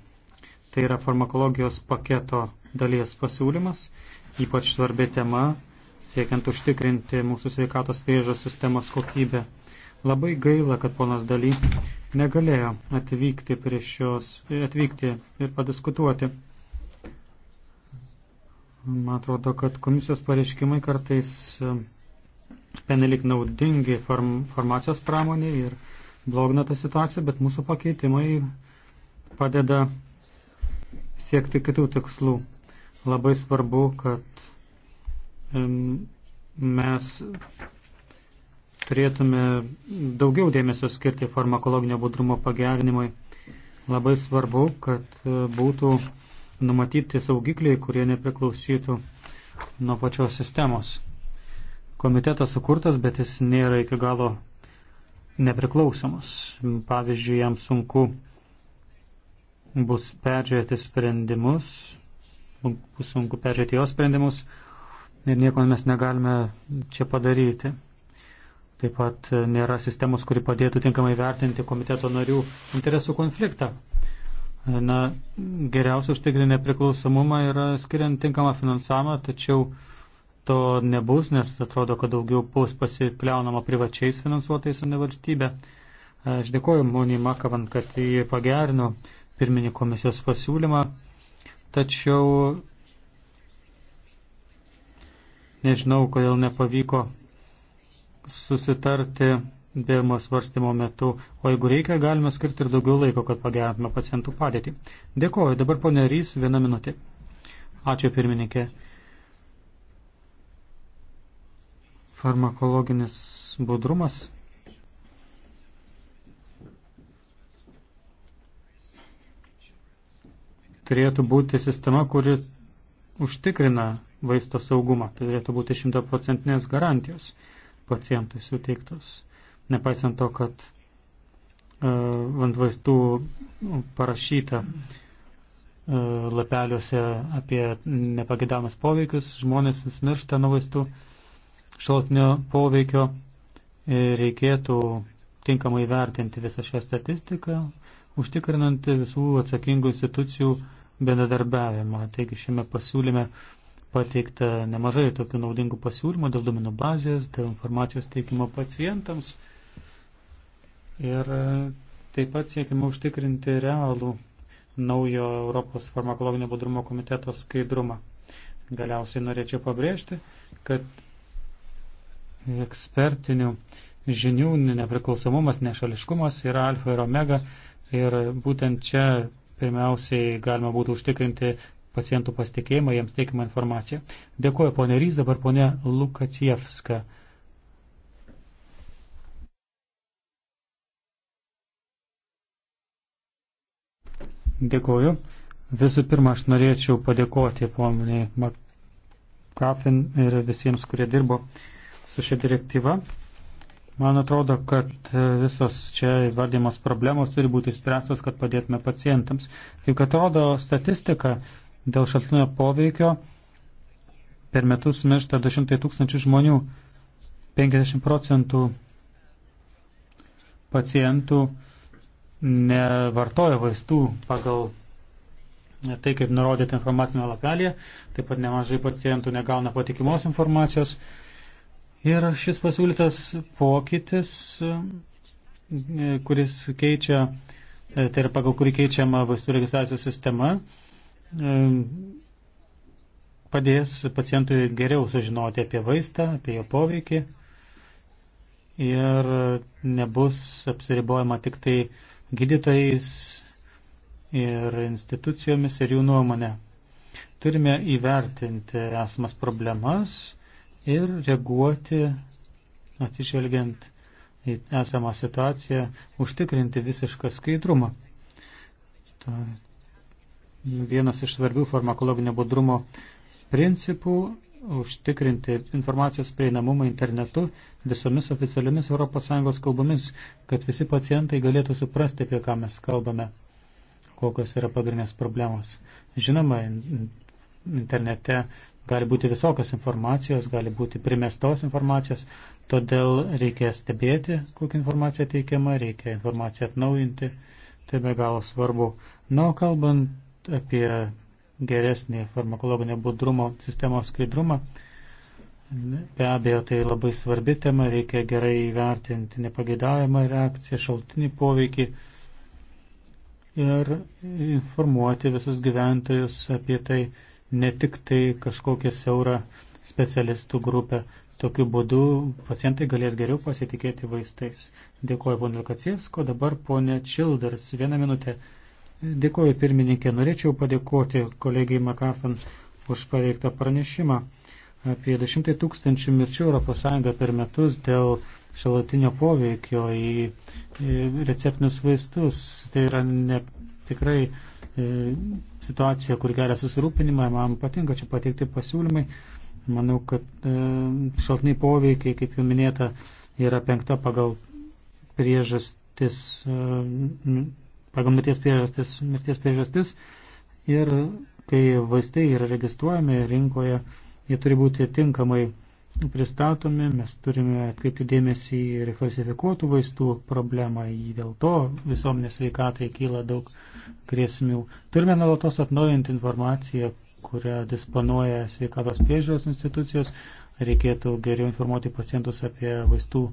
Tai yra farmakologijos paketo dalies pasiūlymas, ypač svarbi tema siekiant užtikrinti mūsų sveikatos priežos sistemos kokybę. Labai gaila, kad ponas Daly negalėjo atvykti prie šios, atvykti ir padiskutuoti. Man atrodo, kad komisijos pareiškimai kartais e, penelik naudingi farm, farmacijos pramonė ir blogina tą situaciją, bet mūsų pakeitimai padeda siekti kitų tikslų. Labai svarbu, kad mes turėtume daugiau dėmesio skirti farmakologinio budrumo pagerinimui. Labai svarbu, kad e, būtų numatyti saugikliai, kurie nepriklausytų nuo pačios sistemos. Komitetas sukurtas, bet jis nėra iki galo nepriklausomas. Pavyzdžiui, jam sunku bus peržiūrėti sprendimus, bus sunku peržiūrėti jos sprendimus, ir nieko mes negalime čia padaryti. Taip pat nėra sistemos, kuri padėtų tinkamai vertinti komiteto narių interesų konfliktą. Na, geriausia užtikrinti nepriklausomumą yra skiriant tinkamą finansavimą, tačiau to nebus, nes atrodo, kad daugiau bus pasikliaunama privačiais finansuotais, o ne valstybė. Aš dėkoju Moniai Makavan, kad jį pagerino pirminį komisijos pasiūlymą, tačiau Nežinau, kodėl nepavyko susitarti bėmo svarstymo metu, o jeigu reikia, galime skirti ir daugiau laiko, kad pagerintume pacientų padėtį. Dėkuoju, dabar ponė Rys, vieną minutę. Ačiū pirmininkė. Farmakologinis budrumas. Turėtų būti sistema, kuri užtikrina vaisto saugumą. Tai turėtų būti šimtaprocentinės garantijos pacientui suteiktos. Nepaisant to, kad uh, ant vaistų parašyta uh, lapeliuose apie nepagidamas poveikius, žmonės vis miršta nuo vaistų šaltinio poveikio, e, reikėtų tinkamai vertinti visą šią statistiką, užtikrinant visų atsakingų institucijų bendradarbiavimą. Taigi šiame pasiūlyme uh, pateikta nemažai tokių naudingų pasiūlymų dėl duomenų bazės, dėl informacijos teikimo pacientams ir e, taip pat siekime užtikrinti realų naujo Europos farmakologinio budrumo komiteto skaidrumą. Galiausiai norėčiau pabrėžti, kad ekspertinių žinių nepriklausomumas, nešališkumas yra alfa ir omega ir būtent čia pirmiausiai galima būtų užtikrinti pacientų pasitikėjimą, jiems teikimą informaciją. Dėkuoju, ponė Rys, dabar ponė Lukacievska. Dėkuoju. Visų pirma, aš norėčiau padėkoti poniai McCaffin ir visiems, kurie dirbo su šia direktyva. Man atrodo, kad visos čia įvardymos problemos turi būti spręstos, kad padėtume pacientams. Kaip atrodo statistika, Dėl šaltinio poveikio per metus miršta 200 tūkstančių žmonių, 50 procentų pacientų nevartoja vaistų pagal tai, kaip nurodyta informacinė lapelė, taip pat nemažai pacientų negauna patikimos informacijos. Ir šis pasiūlytas pokytis, kuris keičia, tai yra pagal kurį keičiama vaistų registracijos sistema, E, padės pacientui geriau sužinoti apie vaistą, apie jo poveikį ir nebus apsiribojama tik tai gydytojais ir institucijomis ir jų nuomonė. Turime įvertinti esamas problemas ir reaguoti atsižvelgiant į esamą situaciją, užtikrinti visišką skaidrumą vienas iš svarbių farmakologinio budrumo principų užtikrinti informacijos prieinamumą internetu visomis oficialiomis ES kalbomis, kad visi pacientai galėtų suprasti, apie ką mes kalbame, kokios yra pagrindinės problemos. Žinoma, internete gali būti visokios informacijos, gali būti primestos informacijos, todėl reikia stebėti, kokia informacija teikiama, reikia informaciją atnaujinti, tai be galo svarbu. Na, kalbant apie geresnį farmakologinio budrumo sistemos skaidrumą. Be abejo, tai labai svarbi tema, reikia gerai įvertinti nepageidavimą reakciją, šaltinį poveikį ir informuoti visus gyventojus apie tai, ne tik tai kažkokią siaurą specialistų grupę. Tokiu būdu pacientai galės geriau pasitikėti vaistais. Dėkuoju, ponė Kacievsko, dabar ponė Čilders, vieną minutę. Dėkuoju pirmininkė, norėčiau padėkoti kolegijai Makafan už paveiktą pranešimą. Apie 10 tūkstančių mirčių ES per metus dėl šalatinio poveikio į, į receptinius vaistus. Tai yra ne, tikrai e, situacija, kur kelia susirūpinimą. Man patinka čia pateikti pasiūlymai. Manau, kad e, šaltiniai poveikiai, kaip jau minėta, yra penkta pagal priežastis. E, pagal mirties priežastis, mirties priežastis ir kai vaistai yra registruojami rinkoje, jie turi būti tinkamai pristatomi, mes turime atkreipti dėmesį ir falsifikuotų vaistų problemą, dėl to visuomenės veikatai kyla daug grėsmių. Turime nuolatos atnaujinti informaciją, kurią disponuoja sveikatos priežiūros institucijos, reikėtų geriau informuoti pacientus apie vaistų e,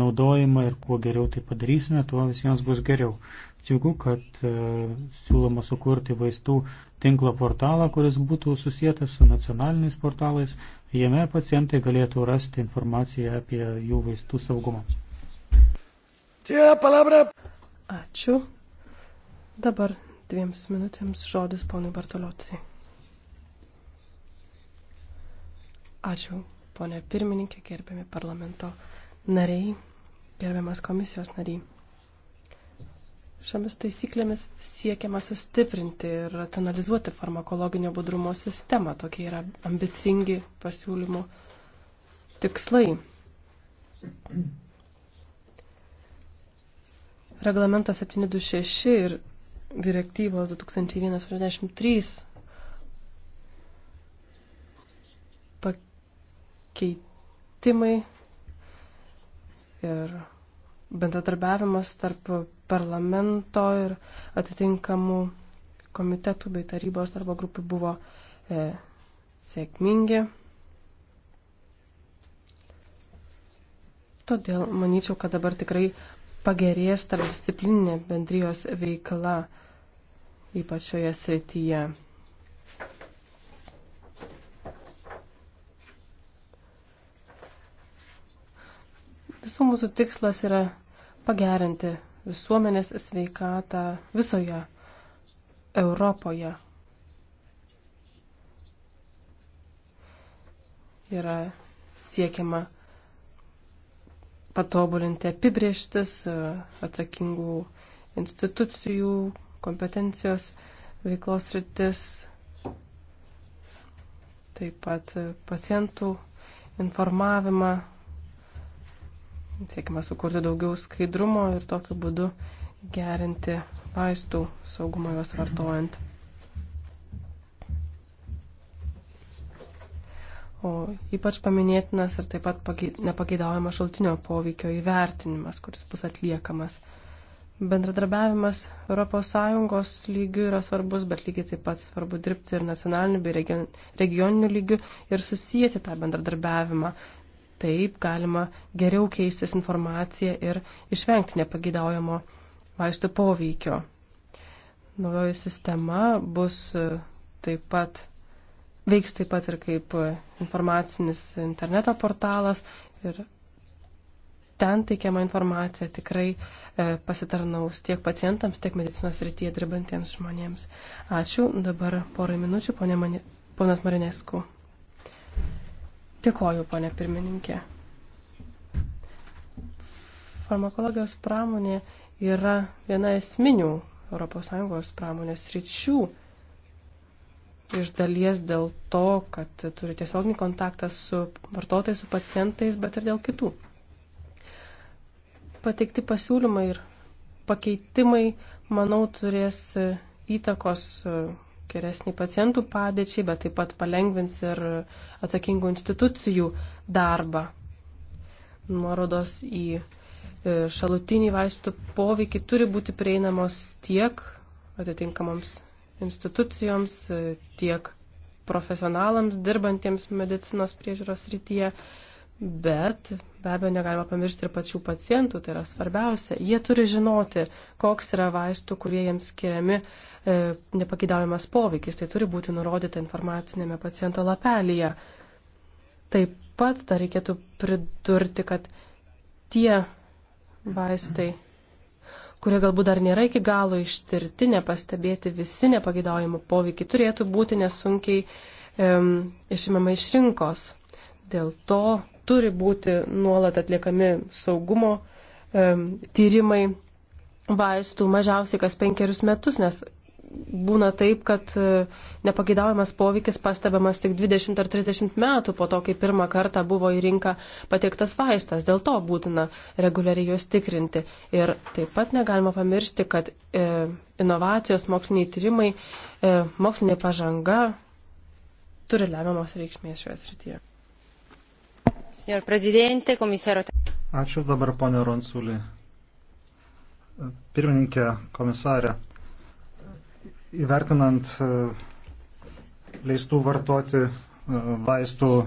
naudojimą ir kuo geriau tai padarysime, tuo visiems bus geriau. Džiugu, kad e, siūloma sukurti vaistų tinklo portalą, kuris būtų susijęs su nacionaliniais portalais. Jame pacientai galėtų rasti informaciją apie jų vaistų saugumą. Ačiū. Dabar dviems minutėms žodis ponui Bartolociui. Ačiū, ponė pirmininkė, gerbiami parlamento nariai, gerbiamas komisijos nariai. Šiomis taisyklėmis siekiama sustiprinti ir racionalizuoti farmakologinio budrumo sistemą. Tokie yra ambicingi pasiūlymų tikslai. Reglamento 726 ir direktyvos 2183 keitimai ir bendradarbiavimas tarp parlamento ir atitinkamų komitetų bei tarybos darbo grupių buvo e, sėkmingi. Todėl manyčiau, kad dabar tikrai pagerės tarp disciplininė bendrijos veikla, ypač šioje srityje. Aišku, mūsų tikslas yra pagerinti visuomenės sveikatą visoje Europoje. Yra siekiama patobulinti apibrieštis atsakingų institucijų, kompetencijos veiklos rytis, taip pat pacientų informavimą Siekime sukurti daugiau skaidrumo ir tokiu būdu gerinti vaistų saugumą juos vartojant. O ypač paminėtinas ir taip pat nepageidaujama šaltinio poveikio įvertinimas, kuris bus atliekamas. Bendradarbiavimas ES lygių yra svarbus, bet lygiai taip pat svarbu dirbti ir nacionaliniu bei regioniniu lygiu ir susijęti tą bendradarbiavimą Taip galima geriau keistis informaciją ir išvengti nepagidaujamo vaistų poveikio. Naujoji sistema bus e, taip pat, veiks taip pat ir kaip e, informacinis interneto portalas ir ten teikiama informacija tikrai e, pasitarnaus tiek pacientams, tiek medicinos rytyje dirbantiems žmonėms. Ačiū. Dabar porą minučių, ponė Mani, ponas Marinesku. Dėkoju, ponė pirmininkė. Farmakologijos pramonė yra viena esminių ES pramonės ryčių. Iš dalies dėl to, kad turi tiesioginį kontaktą su vartotojais, su pacientais, bet ir dėl kitų. Pateikti pasiūlymai ir pakeitimai, manau, turės įtakos geresnį pacientų padėčiai, bet taip pat palengvins ir atsakingų institucijų darbą. Nuorodos į e, šalutinį vaistų poveikį turi būti prieinamos tiek atitinkamoms institucijoms, e, tiek profesionalams dirbantiems medicinos priežiūros rytyje, bet be abejo negalima pamiršti ir pačių pacientų, tai yra svarbiausia. Jie turi žinoti, koks yra vaistų, kurie jiems skiriami uh, E, nepakidaujamas poveikis. Tai turi būti nurodyta informacinėme paciento lapelyje. Taip pat dar reikėtų pridurti, kad tie vaistai, kurie galbūt dar nėra iki galo ištirti, nepastebėti visi nepageidaujami poveikiai, turėtų būti nesunkiai um, e, išimama iš rinkos. Dėl to turi būti nuolat atliekami saugumo um, e, tyrimai vaistų mažiausiai kas penkerius metus, nes būna taip, kad e, nepageidaujamas poveikis pastebimas tik 20 ar 30 metų po to, kai pirmą kartą buvo į rinką pateiktas vaistas. Dėl to būtina reguliariai juos tikrinti. Ir taip pat negalima pamiršti, kad e, inovacijos, moksliniai tyrimai, e, mokslinė pažanga turi lemiamos reikšmės šioje srityje. Ačiū dabar, ponė Ronsulį. Pirmininkė, komisarė įvertinant e, leistų vartoti e, vaistų e,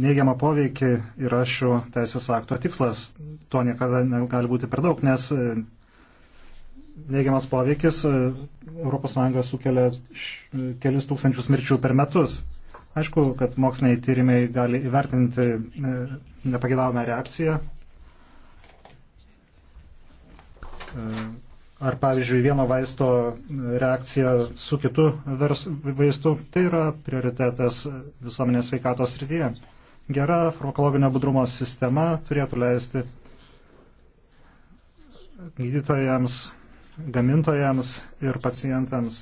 neigiamą poveikį yra šio teisės akto tikslas. To niekada negali būti per daug, nes neigiamas poveikis ES sukelia kelis tūkstančius mirčių per metus. Aišku, kad moksliniai tyrimai gali įvertinti nepagėdavome reakciją ar pavyzdžiui vieno vaisto reakcija su kitu vaistu, tai yra prioritetas visuomenės veikatos srityje. Gera farmakologinio budrumo sistema turėtų leisti gydytojams, gamintojams ir pacientams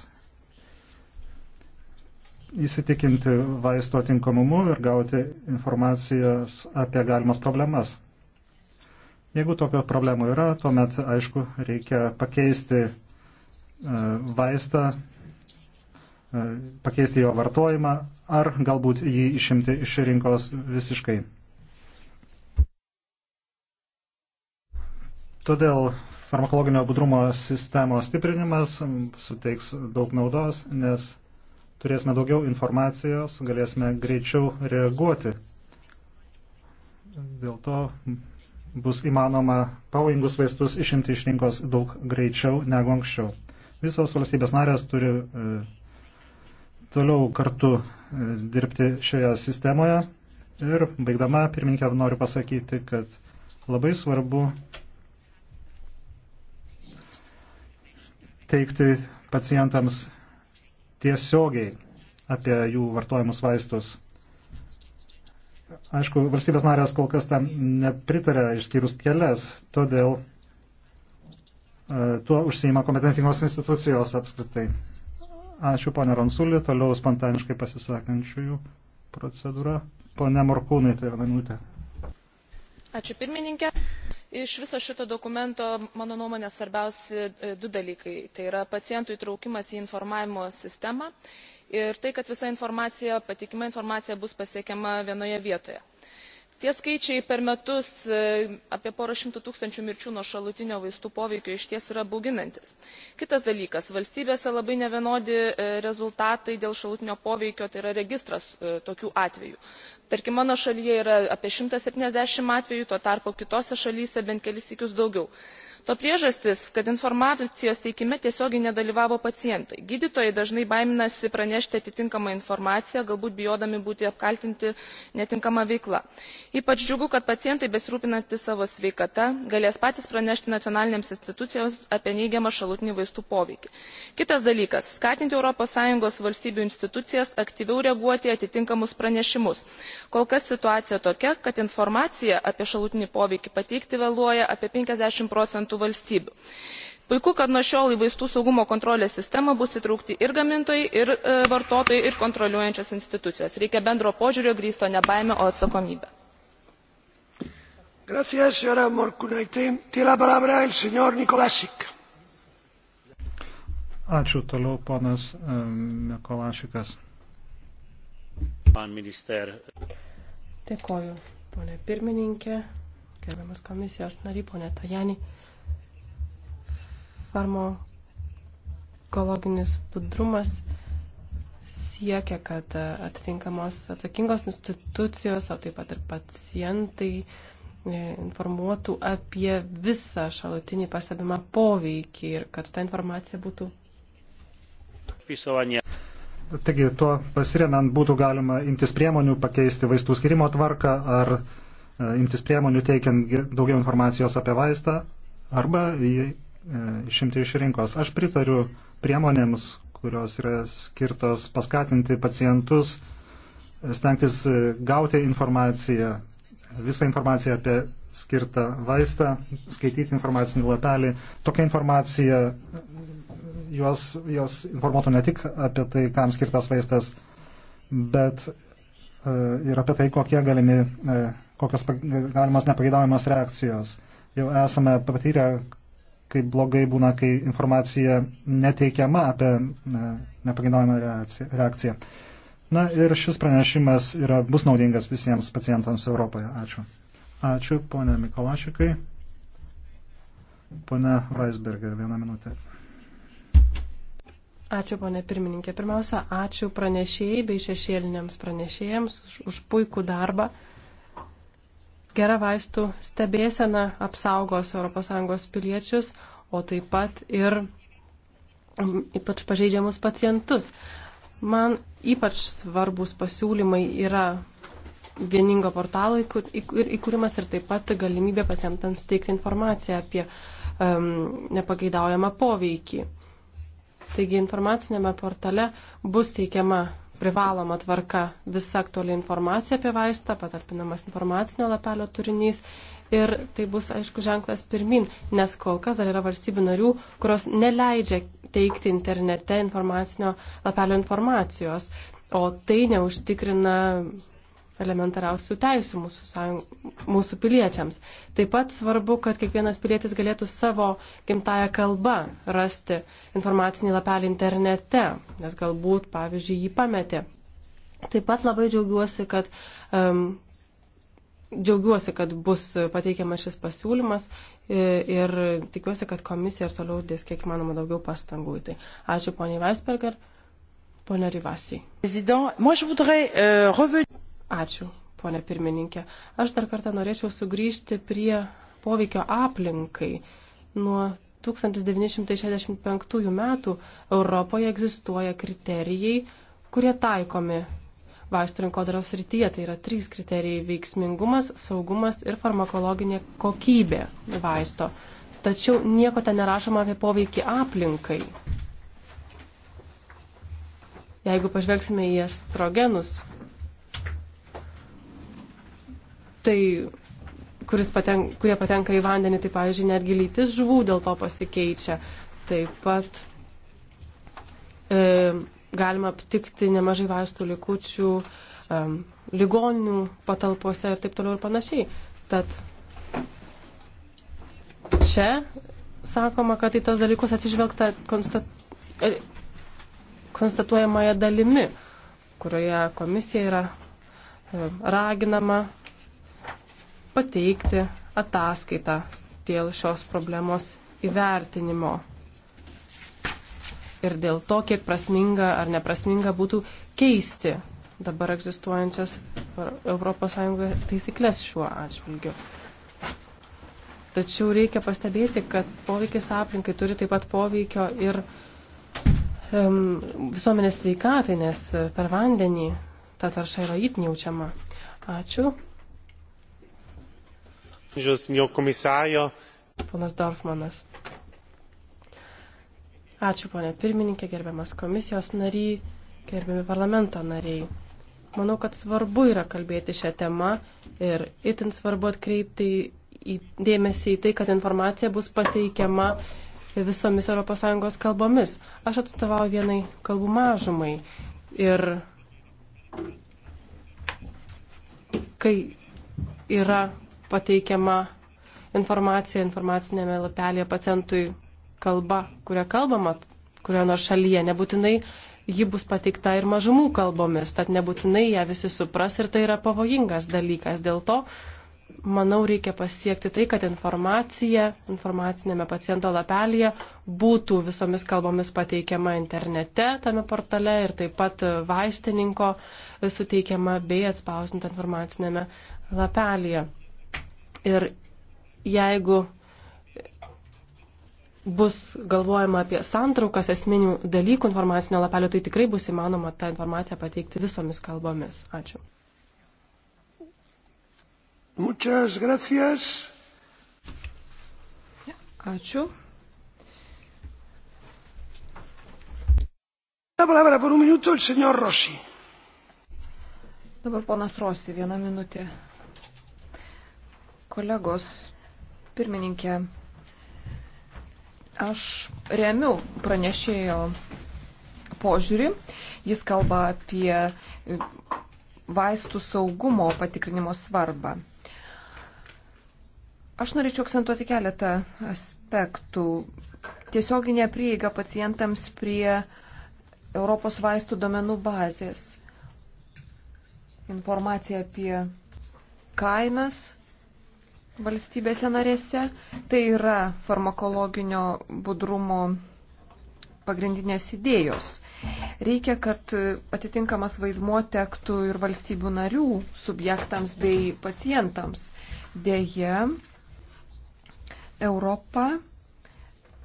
įsitikinti vaisto tinkamumu ir gauti informacijos apie galimas problemas. Jeigu tokio problemų yra, tuomet, aišku, reikia pakeisti e, vaistą, e, pakeisti jo vartojimą ar galbūt jį išimti iš rinkos visiškai. Todėl farmakologinio budrumo sistemos stiprinimas suteiks daug naudos, nes turėsime daugiau informacijos, galėsime greičiau reaguoti. Dėl to bus įmanoma pavojingus vaistus išimti iš rinkos daug greičiau negu anksčiau. Visos valstybės narės turi e, toliau kartu e, dirbti šioje sistemoje. Ir baigdama, pirmininkė, noriu pasakyti, kad labai svarbu teikti pacientams tiesiogiai apie jų vartojimus vaistus Aišku, valstybės narės kol kas tam nepritarė, išskyrus kelias, todėl e, tuo užsieima kompetentingos institucijos apskritai. Ačiū, ponė Ransulė, toliau spontaniškai pasisakančiųjų procedūra. Pone Morkūnai, tai viena minutė. Ačiū pirmininkė. Iš viso šito dokumento, mano nuomonė, svarbiausi e, du dalykai. Tai yra pacientų įtraukimas į informavimo sistemą ir tai kad visa informacija patikima informacija bus pasiekiama vienoje vietoje. tie skaičiai per metus e, apie porą šimtų tūkstančių mirčių nuo šalutinio vaistų poveikio išties yra bauginantis. kitas dalykas valstybėse labai nevienodi e, rezultatai dėl šalutinio poveikio tai yra registras e, tokių atvejų tarkim mano šalyje yra apie šimtas septyniasdešimt atvejų tuo tarpu kitose šalyse bent kelis sykius daugiau to priežastys kad informacijos teikime tiesiogiai nedalyvavo pacientai gydytojai dažnai baiminasi pranešti atitinkamą informaciją galbūt bijodami būti apkaltinti netinkama veikla. ypač džiugu kad pacientai besirūpinantys savo sveikata galės patys pranešti nacionalinėms institucijoms apie neigiamą šalutinį vaistų poveikį. kitas dalykas skatinti europos sąjungos valstybių institucijas aktyviau reaguoti į atitinkamus pranešimus. kol kas situacija tokia kad informacija apie šalutinį poveikį pateikti vėluoja apie penkiasdešimt proc suinteresuotų valstybių. puiku kad nuo šiol į vaistų saugumo kontrolės sistemą bus įtraukti ir gamintojai ir e, vartotojai ir kontroliuojančios institucijos. reikia bendro požiūrio grįsto ne baime o atsakomybe. Ačiū toliau, ponas Mikolašikas. E, Pan minister. Dėkoju, ponė pirmininkė, gerbiamas komisijos nary, ponė Tajani farmakologinis budrumas siekia, kad e, atitinkamos atsakingos institucijos, o taip pat ir pacientai e, informuotų apie visą šalutinį pastebimą poveikį ir kad ta informacija būtų. Taigi, tuo pasiremiant būtų galima imtis priemonių, pakeisti vaistų skirimo tvarką ar e, imtis priemonių teikiant daugiau informacijos apie vaistą arba E, išimti iš rinkos. Aš pritariu priemonėms, kurios yra skirtos paskatinti pacientus stengtis e, gauti informaciją, visą informaciją apie skirtą vaistą, skaityti informacinį lapelį. Tokia informacija juos, juos informuotų ne tik apie tai, kam skirtas vaistas, bet e, ir apie tai, kokie galimi, kokios galimas nepageidaujamos reakcijos. Jau esame patyrę kaip blogai būna, kai informacija neteikiama apie nepaginaujamą reakciją. Na ir šis pranešimas yra, bus naudingas visiems pacientams Europoje. Ačiū. Ačiū, ponė Mikolašikai. Pone Weisberger, vieną minutę. Ačiū, ponė pirmininkė. Pirmiausia, ačiū pranešėjai bei šešėliniams pranešėjams už, už puikų darbą. Gera vaistų stebėsena apsaugos ES piliečius, o taip pat ir mm, ypač pažeidžiamus pacientus. Man ypač svarbus pasiūlymai yra vieningo portalo įkūrimas ir taip pat galimybė pacientams teikti informaciją apie um, nepageidaujamą poveikį. Taigi informacinėme portale bus teikiama privaloma tvarka visa aktuali informacija apie vaistą, patarpinamas informacinio lapelio turinys ir tai bus, aišku, ženklas pirmin, nes kol kas dar yra valstybių narių, kurios neleidžia teikti internete informacinio lapelio informacijos, o tai neužtikrina elementariausių teisų mūsų, sąjung, mūsų piliečiams. Taip pat svarbu, kad kiekvienas pilietis galėtų savo gimtają kalbą rasti informacinį lapelį internete, nes galbūt, pavyzdžiui, jį pametė. Taip pat labai džiaugiuosi, kad, um, džiaugiuosi, kad bus pateikiamas šis pasiūlymas e, ir tikiuosi, kad komisija ir toliau dės kiek manoma daugiau pastangų. Tai ačiū poniai Weisberger, ponia Rivasi. Président, moi je voudrais euh, revenir. Ačiū, ponė pirmininkė. Aš dar kartą norėčiau sugrįžti prie poveikio aplinkai. Nuo 1965 metų Europoje egzistuoja kriterijai, kurie taikomi vaistų rinkodaros rytyje. Tai yra trys kriterijai - veiksmingumas, saugumas ir farmakologinė kokybė vaisto. Tačiau nieko ten nerašoma apie poveikį aplinkai. Jeigu pažvelgsime į estrogenus, tai, kuris paten, kurie patenka į vandenį, tai pavyzdžiui, netgi lytis žuvų dėl to pasikeičia. Taip pat e, galima aptikti nemažai vaistų likučių e, ligoninių patalpose ir taip toliau ir panašiai. Tad čia sakoma, kad į tos dalykus atsižvelgta konstat... E, konstatuojamoje dalimi, kurioje komisija yra e, raginama pateikti ataskaitą dėl šios problemos įvertinimo. Ir dėl to, kiek prasminga ar neprasminga būtų keisti dabar egzistuojančias ES taisyklės šiuo atžvilgiu. Tačiau reikia pastebėti, kad poveikis aplinkai turi taip pat poveikio ir um, visuomenės sveikatai, nes per vandenį ta tarša yra itin jaučiama. Ačiū. Ponas Dorfmanas. Ačiū, ponė pirmininkė, gerbiamas komisijos nariai, gerbiami parlamento nariai. Manau, kad svarbu yra kalbėti šią temą ir itin svarbu atkreipti į dėmesį į tai, kad informacija bus pateikiama visomis ES kalbomis. Aš atstovauju vienai kalbų mažumai ir kai yra pateikiama informacija informacinėme lapelėje pacientui kalba, kuria kalbama, kurio nors šalyje. Nebūtinai ji bus pateikta ir mažumų kalbomis, tad nebūtinai ją visi supras ir tai yra pavojingas dalykas. Dėl to, manau, reikia pasiekti tai, kad informacija informacinėme paciento lapelėje būtų visomis kalbomis pateikiama internete tame portale ir taip pat vaistininko suteikiama bei atspausinta informacinėme lapelėje. Ir jeigu bus galvojama apie santraukas esminių dalykų informacinio lapelio, tai tikrai bus įmanoma tą informaciją pateikti visomis kalbomis. Ačiū. Muchas gracias. Ačiū. Dabar ponas Rosi, vieną minutę. Kolegos, pirmininkė, aš remiu pranešėjo požiūrį. Jis kalba apie vaistų saugumo patikrinimo svarbą. Aš norėčiau akcentuoti keletą aspektų. Tiesioginė prieiga pacientams prie Europos vaistų domenų bazės. Informacija apie kainas, valstybėse narėse. Tai yra farmakologinio budrumo pagrindinės idėjos. Reikia, kad atitinkamas vaidmuo tektų ir valstybių narių subjektams bei pacientams. Deja, Europa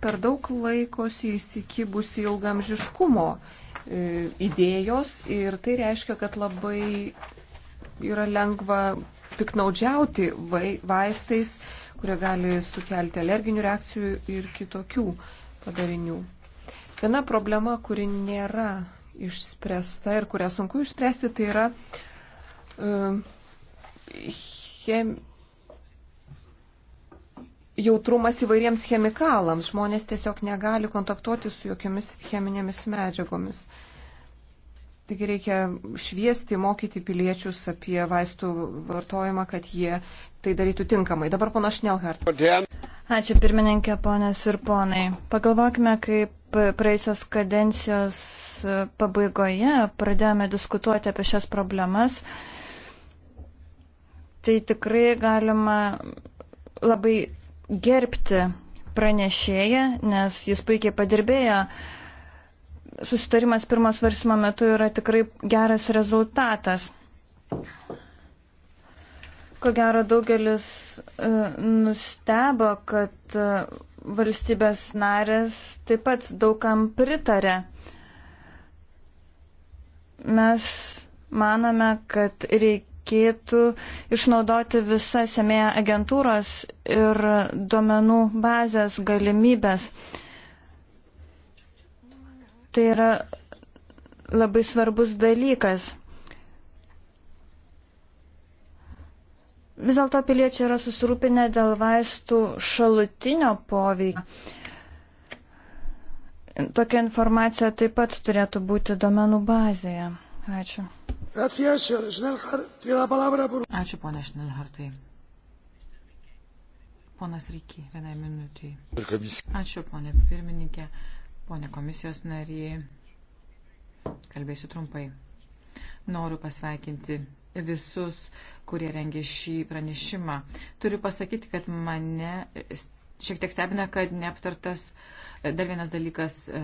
per daug laikosi įsikibusi ilgamžiškumo e, idėjos ir tai reiškia, kad labai yra lengva piknaudžiauti vaistais, kurie gali sukelti alerginių reakcijų ir kitokių padarinių. Viena problema, kuri nėra išspręsta ir kurią sunku išspręsti, tai yra uh, chem... jautrumas įvairiems chemikalams. Žmonės tiesiog negali kontaktuoti su jokiomis cheminėmis medžiagomis. Uh, Taigi reikia šviesti, mokyti piliečius apie vaistų vartojimą, kad jie tai darytų tinkamai. Dabar pana Šnelhart. Ačiū pirmininkė, ponės ir ponai. Pagalvokime, kaip praėjusios kadencijos pabaigoje pradėjome diskutuoti apie šias problemas. Tai tikrai galima labai gerbti pranešėją, nes jis puikiai padirbėjo susitarimas pirmo svarsimo metu yra tikrai geras rezultatas. Ko gero daugelis e, nustebo, kad e, valstybės narės taip pat daugam pritarė. Mes manome, kad reikėtų išnaudoti visas semėje agentūros ir duomenų bazės galimybės. Uh, Tai yra labai svarbus dalykas. Vis dėlto piliečiai yra susirūpinę dėl vaistų šalutinio poveikio. Tokia informacija taip pat turėtų būti domenų bazėje. Ačiū. Ačiū, ponė Šnelhartai. Ponas Ryky, vienai minutiai. Ačiū, ponė pirmininkė. Pone komisijos nariai, kalbėsiu trumpai. Noriu pasveikinti visus, kurie rengė šį pranešimą. Turiu pasakyti, kad mane šiek tiek stebina, kad neaptartas e, dar vienas dalykas e,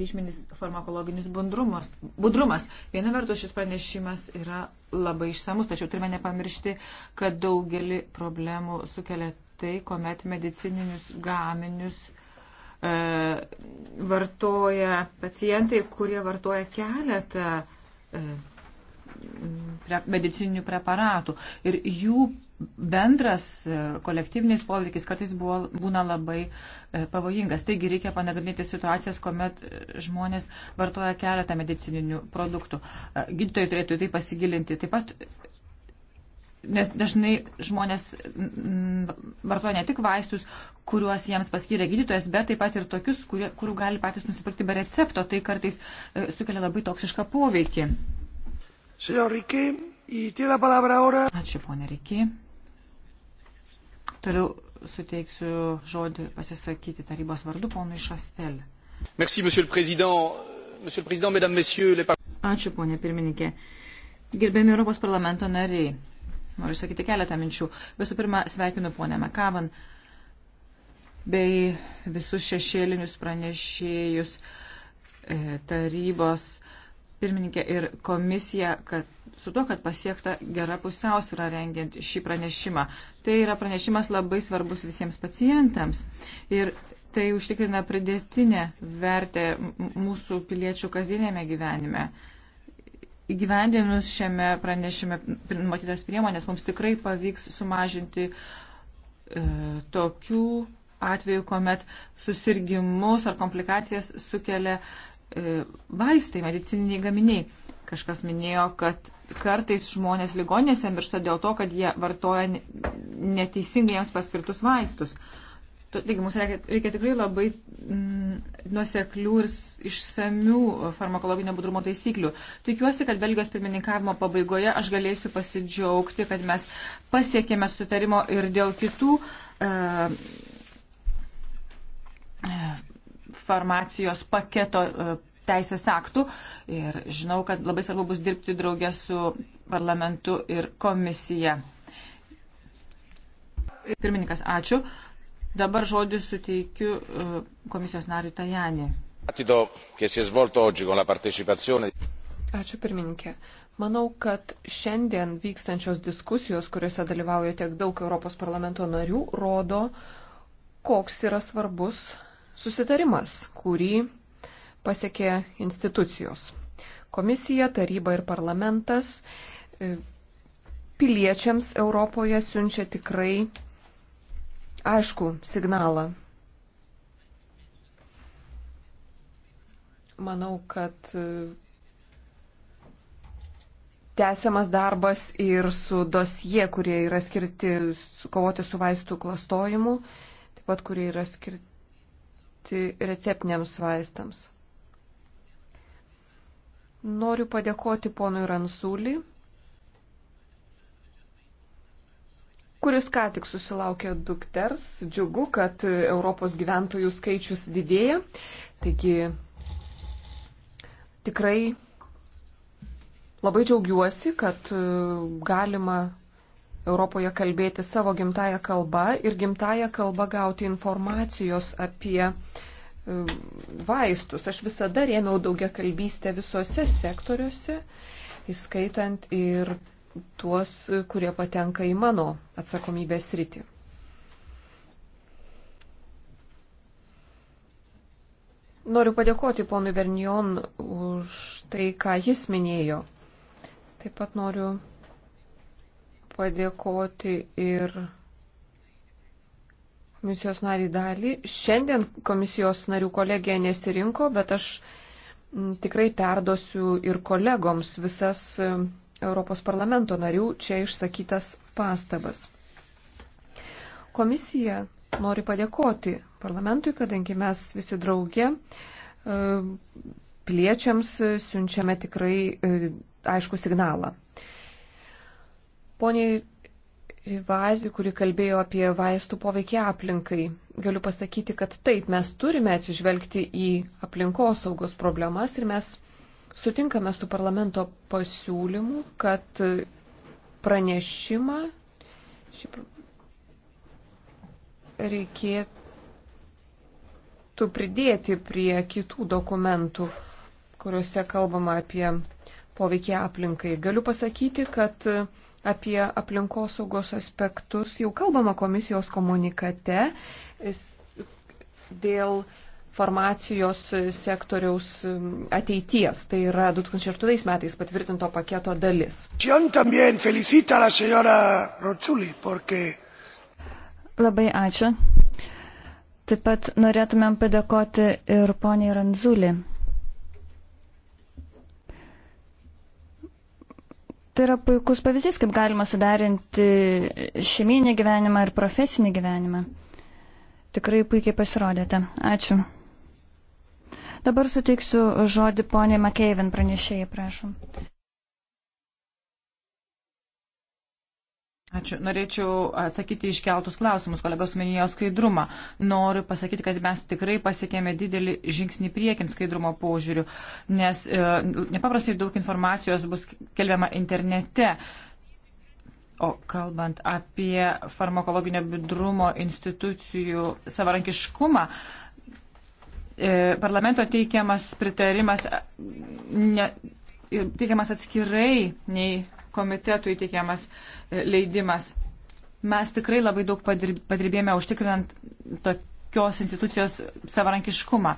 ryšminis farmakologinis bundrumas. budrumas. Viena vertus šis pranešimas yra labai išsamus, tačiau turime nepamiršti, kad daugelį problemų sukelia tai, kuomet medicininius gaminius E, vartoja pacientai, kurie vartoja keletą e, medicininių preparatų. Ir jų bendras e, kolektyvinis poveikis kartais buvo, būna labai pavojingas. Taigi reikia panagrinėti situacijas, kuomet žmonės vartoja keletą medicininių produktų. Gydytojai turėtų tai pasigilinti. Taip pat nes dažnai žmonės mm, vartoja ne tik vaistus, kuriuos jiems paskyrė gydytojas, bet taip pat ir tokius, kurie, kurių gali patys nusipirkti be recepto. Tai kartais e, sukelia labai toksišką poveikį. Ačiū, ponė Reikė. Toliau suteiksiu žodį pasisakyti tarybos vardu ponui Šastel. Merci, monsieur le président. Monsieur le président, mesdames, messieurs, les... Ačiū, ponė pirmininkė. Gerbėmi Europos parlamento nariai. Noriu sakyti keletą minčių. Visų pirma, sveikinu ponę Mekavan bei visus šešėlinius pranešėjus e, tarybos pirmininkė ir komisija, kad su to, kad pasiekta gera pusiausvyrą rengiant šį pranešimą. Tai yra pranešimas labai svarbus visiems pacientams ir tai užtikrina pridėtinę vertę mūsų piliečių kasdienėme gyvenime įgyvendinus šiame pranešime matytas priemonės, mums tikrai pavyks sumažinti e, tokių atvejų, kuomet susirgymus ar komplikacijas sukelia e, vaistai, medicininiai gaminiai. Kažkas minėjo, kad kartais žmonės ligoninėse miršta dėl to, kad jie vartoja neteisingai jiems paskirtus vaistus. E, Taigi mums reikia, reikia tikrai labai mm, nuoseklių ir išsamių farmakologinio budrumo taisyklių. Tikiuosi, kad Belgijos pirmininkavimo pabaigoje aš galėsiu pasidžiaugti, kad mes pasiekėme sutarimo ir dėl kitų e, e farmacijos paketo e, teisės aktų. Ir žinau, kad labai svarbu bus dirbti draugę su parlamentu ir komisija. Pirmininkas, ačiū. Dabar žodį suteikiu e, komisijos nariui Tajani. Ačiū pirmininkė. Manau, kad šiandien vykstančios diskusijos, kuriuose dalyvauja tiek daug Europos parlamento narių, rodo, koks yra svarbus susitarimas, kurį pasiekė institucijos. Komisija, taryba ir parlamentas e, piliečiams Europoje siunčia tikrai aišku signalą. Manau, kad e, tęsiamas darbas ir su dosie, kurie yra skirti kovoti su vaistų klastojimu, taip pat kurie yra skirti receptiniams vaistams. Noriu padėkoti ponui Ransulį kuris ką tik susilaukė dukters. Džiugu, kad Europos gyventojų skaičius didėja. Taigi tikrai labai džiaugiuosi, kad e, galima Europoje kalbėti savo gimtają kalbą ir gimtają kalbą gauti informacijos apie e, vaistus. Aš visada rėmiau daugia kalbystę visose sektoriuose, įskaitant ir tuos, kurie patenka į mano atsakomybės rytį. Noriu padėkoti ponui Vernion už tai, ką jis minėjo. Taip pat noriu padėkoti ir komisijos narį dalį. Šiandien komisijos narių kolegija nesirinko, bet aš tikrai perdosiu ir kolegoms visas Europos parlamento narių čia išsakytas pastabas. Komisija nori padėkoti parlamentui, kadangi mes visi draugė e, piliečiams siunčiame tikrai e, aišku signalą. Poniai Rivazi, kuri kalbėjo apie vaistų poveikį aplinkai, galiu pasakyti, kad taip, mes turime atsižvelgti į aplinkosaugos problemas ir mes Sutinkame su parlamento pasiūlymu, kad pranešimą reikėtų pridėti prie kitų dokumentų, kuriuose kalbama apie poveikį aplinkai. Galiu pasakyti, kad apie aplinkosaugos aspektus jau kalbama komisijos komunikate dėl farmacijos sektoriaus ateities. Tai yra 2008 metais patvirtinto paketo dalis. Labai ačiū. Taip pat norėtumėm padėkoti ir poniai Ranzulį. Tai yra puikus pavyzdys, kaip galima suderinti šeiminį gyvenimą ir profesinį gyvenimą. Tikrai puikiai pasirodėte. Ačiū. Dabar suteiksiu žodį poniai Makeivin pranešėjai, prašom. Ačiū. Norėčiau atsakyti iškeltus klausimus. Kolegos minėjo skaidrumą. Noriu pasakyti, kad mes tikrai pasiekėme didelį žingsnį priekin skaidrumo požiūriu, nes e, nepaprastai daug informacijos bus kelbiama internete. O kalbant apie farmakologinio bidrumo institucijų savarankiškumą, E, parlamento teikiamas pritarimas ne, teikiamas atskirai nei komitetų įteikiamas e, leidimas. Mes tikrai labai daug padirbėjome užtikrinant tokios institucijos savarankiškumą.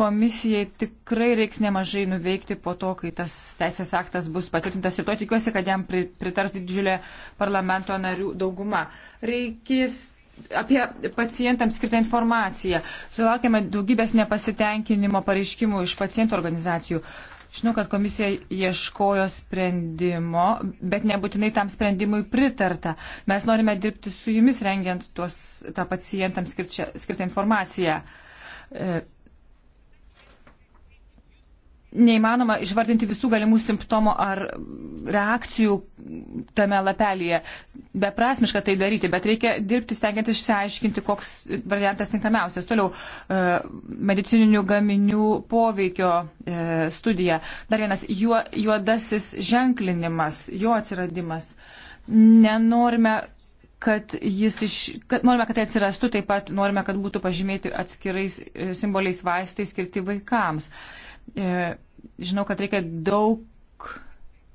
Komisijai tikrai reiks nemažai nuveikti po to, kai tas teisės aktas bus patvirtintas ir to tikiuosi, kad jam pritars didžiulė parlamento narių dauguma. Reikės apie pacientams skirtą informaciją. Sulaukėme daugybės nepasitenkinimo pareiškimų iš pacientų organizacijų. Žinau, kad komisija ieškojo sprendimo, bet nebūtinai tam sprendimui pritarta. Mes norime dirbti su jumis, rengiant tuos, tą pacientams skirtą informaciją. E, neįmanoma išvardinti visų galimų simptomų ar reakcijų tame lapelyje. Beprasmiška tai daryti, bet reikia dirbti, stengiant išsiaiškinti, koks variantas tinkamiausias. Toliau e, medicininių gaminių poveikio e, studija. Dar vienas juo, juodasis ženklinimas, jo atsiradimas. Nenorime kad jis iš, kad norime, kad tai atsirastų, taip pat norime, kad būtų pažymėti atskirais e, simboliais vaistai skirti vaikams. Uh, E, žinau, kad reikia daug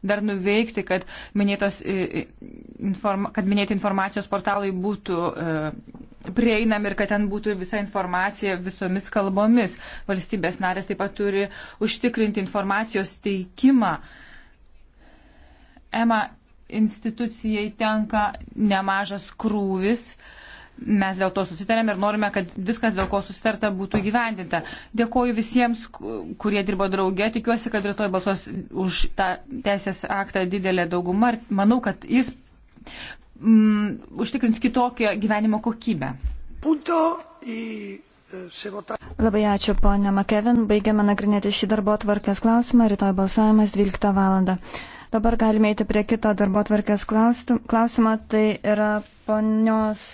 dar nuveikti, kad, minėtos, e, e, informa, kad minėti informacijos portalai būtų prieinami ir kad ten būtų visa informacija visomis kalbomis. Valstybės narės taip pat turi užtikrinti informacijos teikimą. EMA institucijai tenka nemažas krūvis. Uh, Mes dėl to susitarėm ir norime, kad viskas, dėl ko susitarta, būtų įgyvendinta. Dėkoju visiems, kurie dirbo drauge. Tikiuosi, kad rytoj balsuos už tą teisės aktą didelė dauguma ir manau, kad jis mm, užtikrins kitokią gyvenimo kokybę. Punto į eh, Labai ačiū, ponia Makevin. Baigiame nagrinėti šį darbo tvarkės klausimą. Rytoj balsavimas 12 val. Dabar galime eiti prie kito darbo tvarkės klausimo. Tai yra ponios